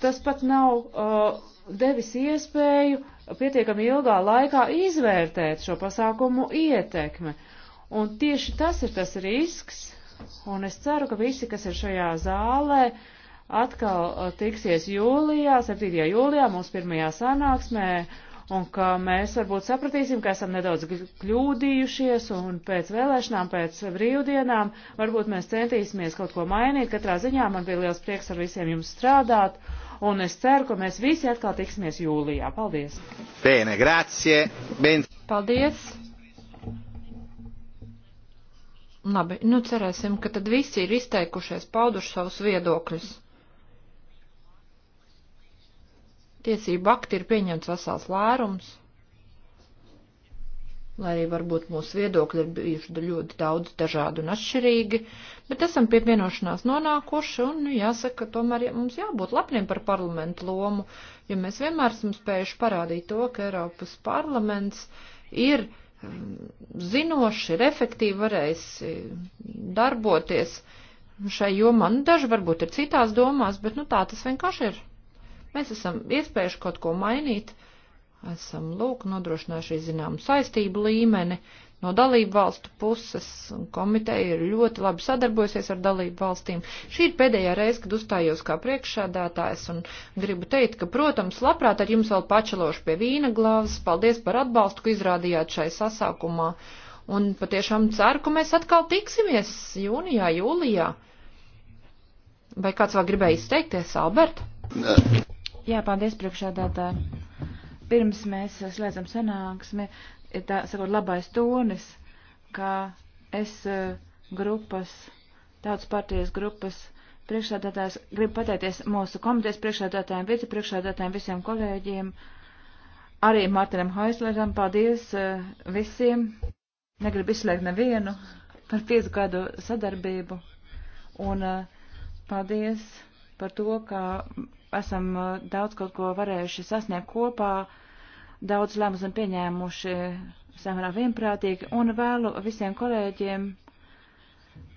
Tas pat nav uh, devis iespēju pietiekami ilgā laikā izvērtēt šo pasākumu ietekmi. Un tieši tas ir tas risks, un es ceru, ka visi, kas ir šajā zālē, uh, atkal tiksies jūlijā, 7. jūlijā mūsu pirmajā sanāksmē un ka mēs varbūt sapratīsim, ka esam nedaudz kļūdījušies un pēc vēlēšanām, pēc brīvdienām varbūt mēs centīsimies kaut ko mainīt. Katrā ziņā man bija liels prieks ar visiem jums strādāt un es ceru, ka mēs visi atkal tiksimies jūlijā. Paldies! Bene, grazie! Ben... Paldies! Labi, nu cerēsim, ka tad visi ir izteikušies, pauduši savus viedokļus. Tiesību akti ir pieņemts vesels lērums, lai arī varbūt mūsu viedokļi ir bijuši ļoti daudz dažādi un atšķirīgi, bet esam pie vienošanās nonākuši un jāsaka, tomēr mums jābūt lepniem par parlamentu lomu, jo mēs vienmēr esam spējuši parādīt to, ka Eiropas parlaments ir um, zinoši, ir efektīvi varējis um, darboties šai jomā. Nu, daži varbūt ir citās domās, bet nu tā tas vienkārši ir. Mēs esam iespējuši kaut ko mainīt, esam, lūk, nodrošinājuši zināmu saistību līmeni no dalību valstu puses, un komiteja ir ļoti labi sadarbojusies ar dalību valstīm. Šī ir pēdējā reize, kad uzstājos kā priekšsēdētājs, un gribu teikt, ka, protams, labprāt ar jums vēl pačelošu pie vīna glāzes. Paldies par atbalstu, ko izrādījāt šai sasākumā, un patiešām ceru, ka mēs atkal tiksimies jūnijā, jūlijā. Vai kāds vēl gribēja izteikties, Albert? Nē. Jā, paldies priekšādātāji. Pirms mēs slēdzam sanāksmi, ir tā, sakot, labais tonis, ka es eh, grupas, tautas partijas grupas priekšādātājs gribu pateikties mūsu komitejas priekšādātājiem, vicepriekšādātājiem, visiem kolēģiem, arī Martinam Haisleram. Paldies eh, visiem. Negribu izslēgt nevienu par piecu gadu sadarbību. Un eh, paldies par to, ka esam uh, daudz kaut ko varējuši sasniegt kopā, daudz lēmumus esam pieņēmuši samērā vienprātīgi, un vēlu visiem kolēģiem,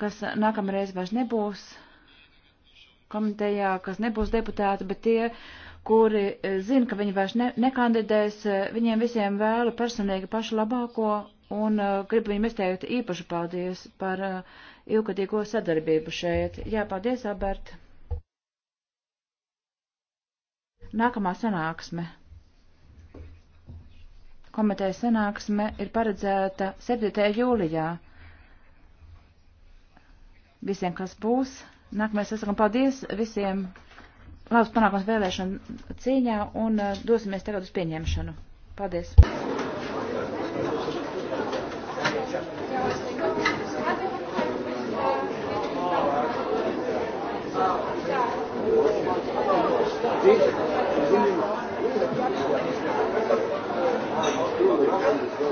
kas nākamreiz vairs nebūs komitejā, kas nebūs deputāti, bet tie, kuri eh, zina, ka viņi vairs ne, nekandidēs, eh, viņiem visiem vēlu personīgi pašu labāko un uh, gribu viņiem izteikt īpašu paldies par uh, ilgadīgo sadarbību šeit. Jā, paldies, Albert! Nākamā sanāksme. Komitejas sanāksme ir paredzēta 7. jūlijā. Visiem, kas būs, nākamais sasakam paldies visiem. Labs panākums vēlēšana cīņā un eh, dosimies tagad uz pieņemšanu. Paldies!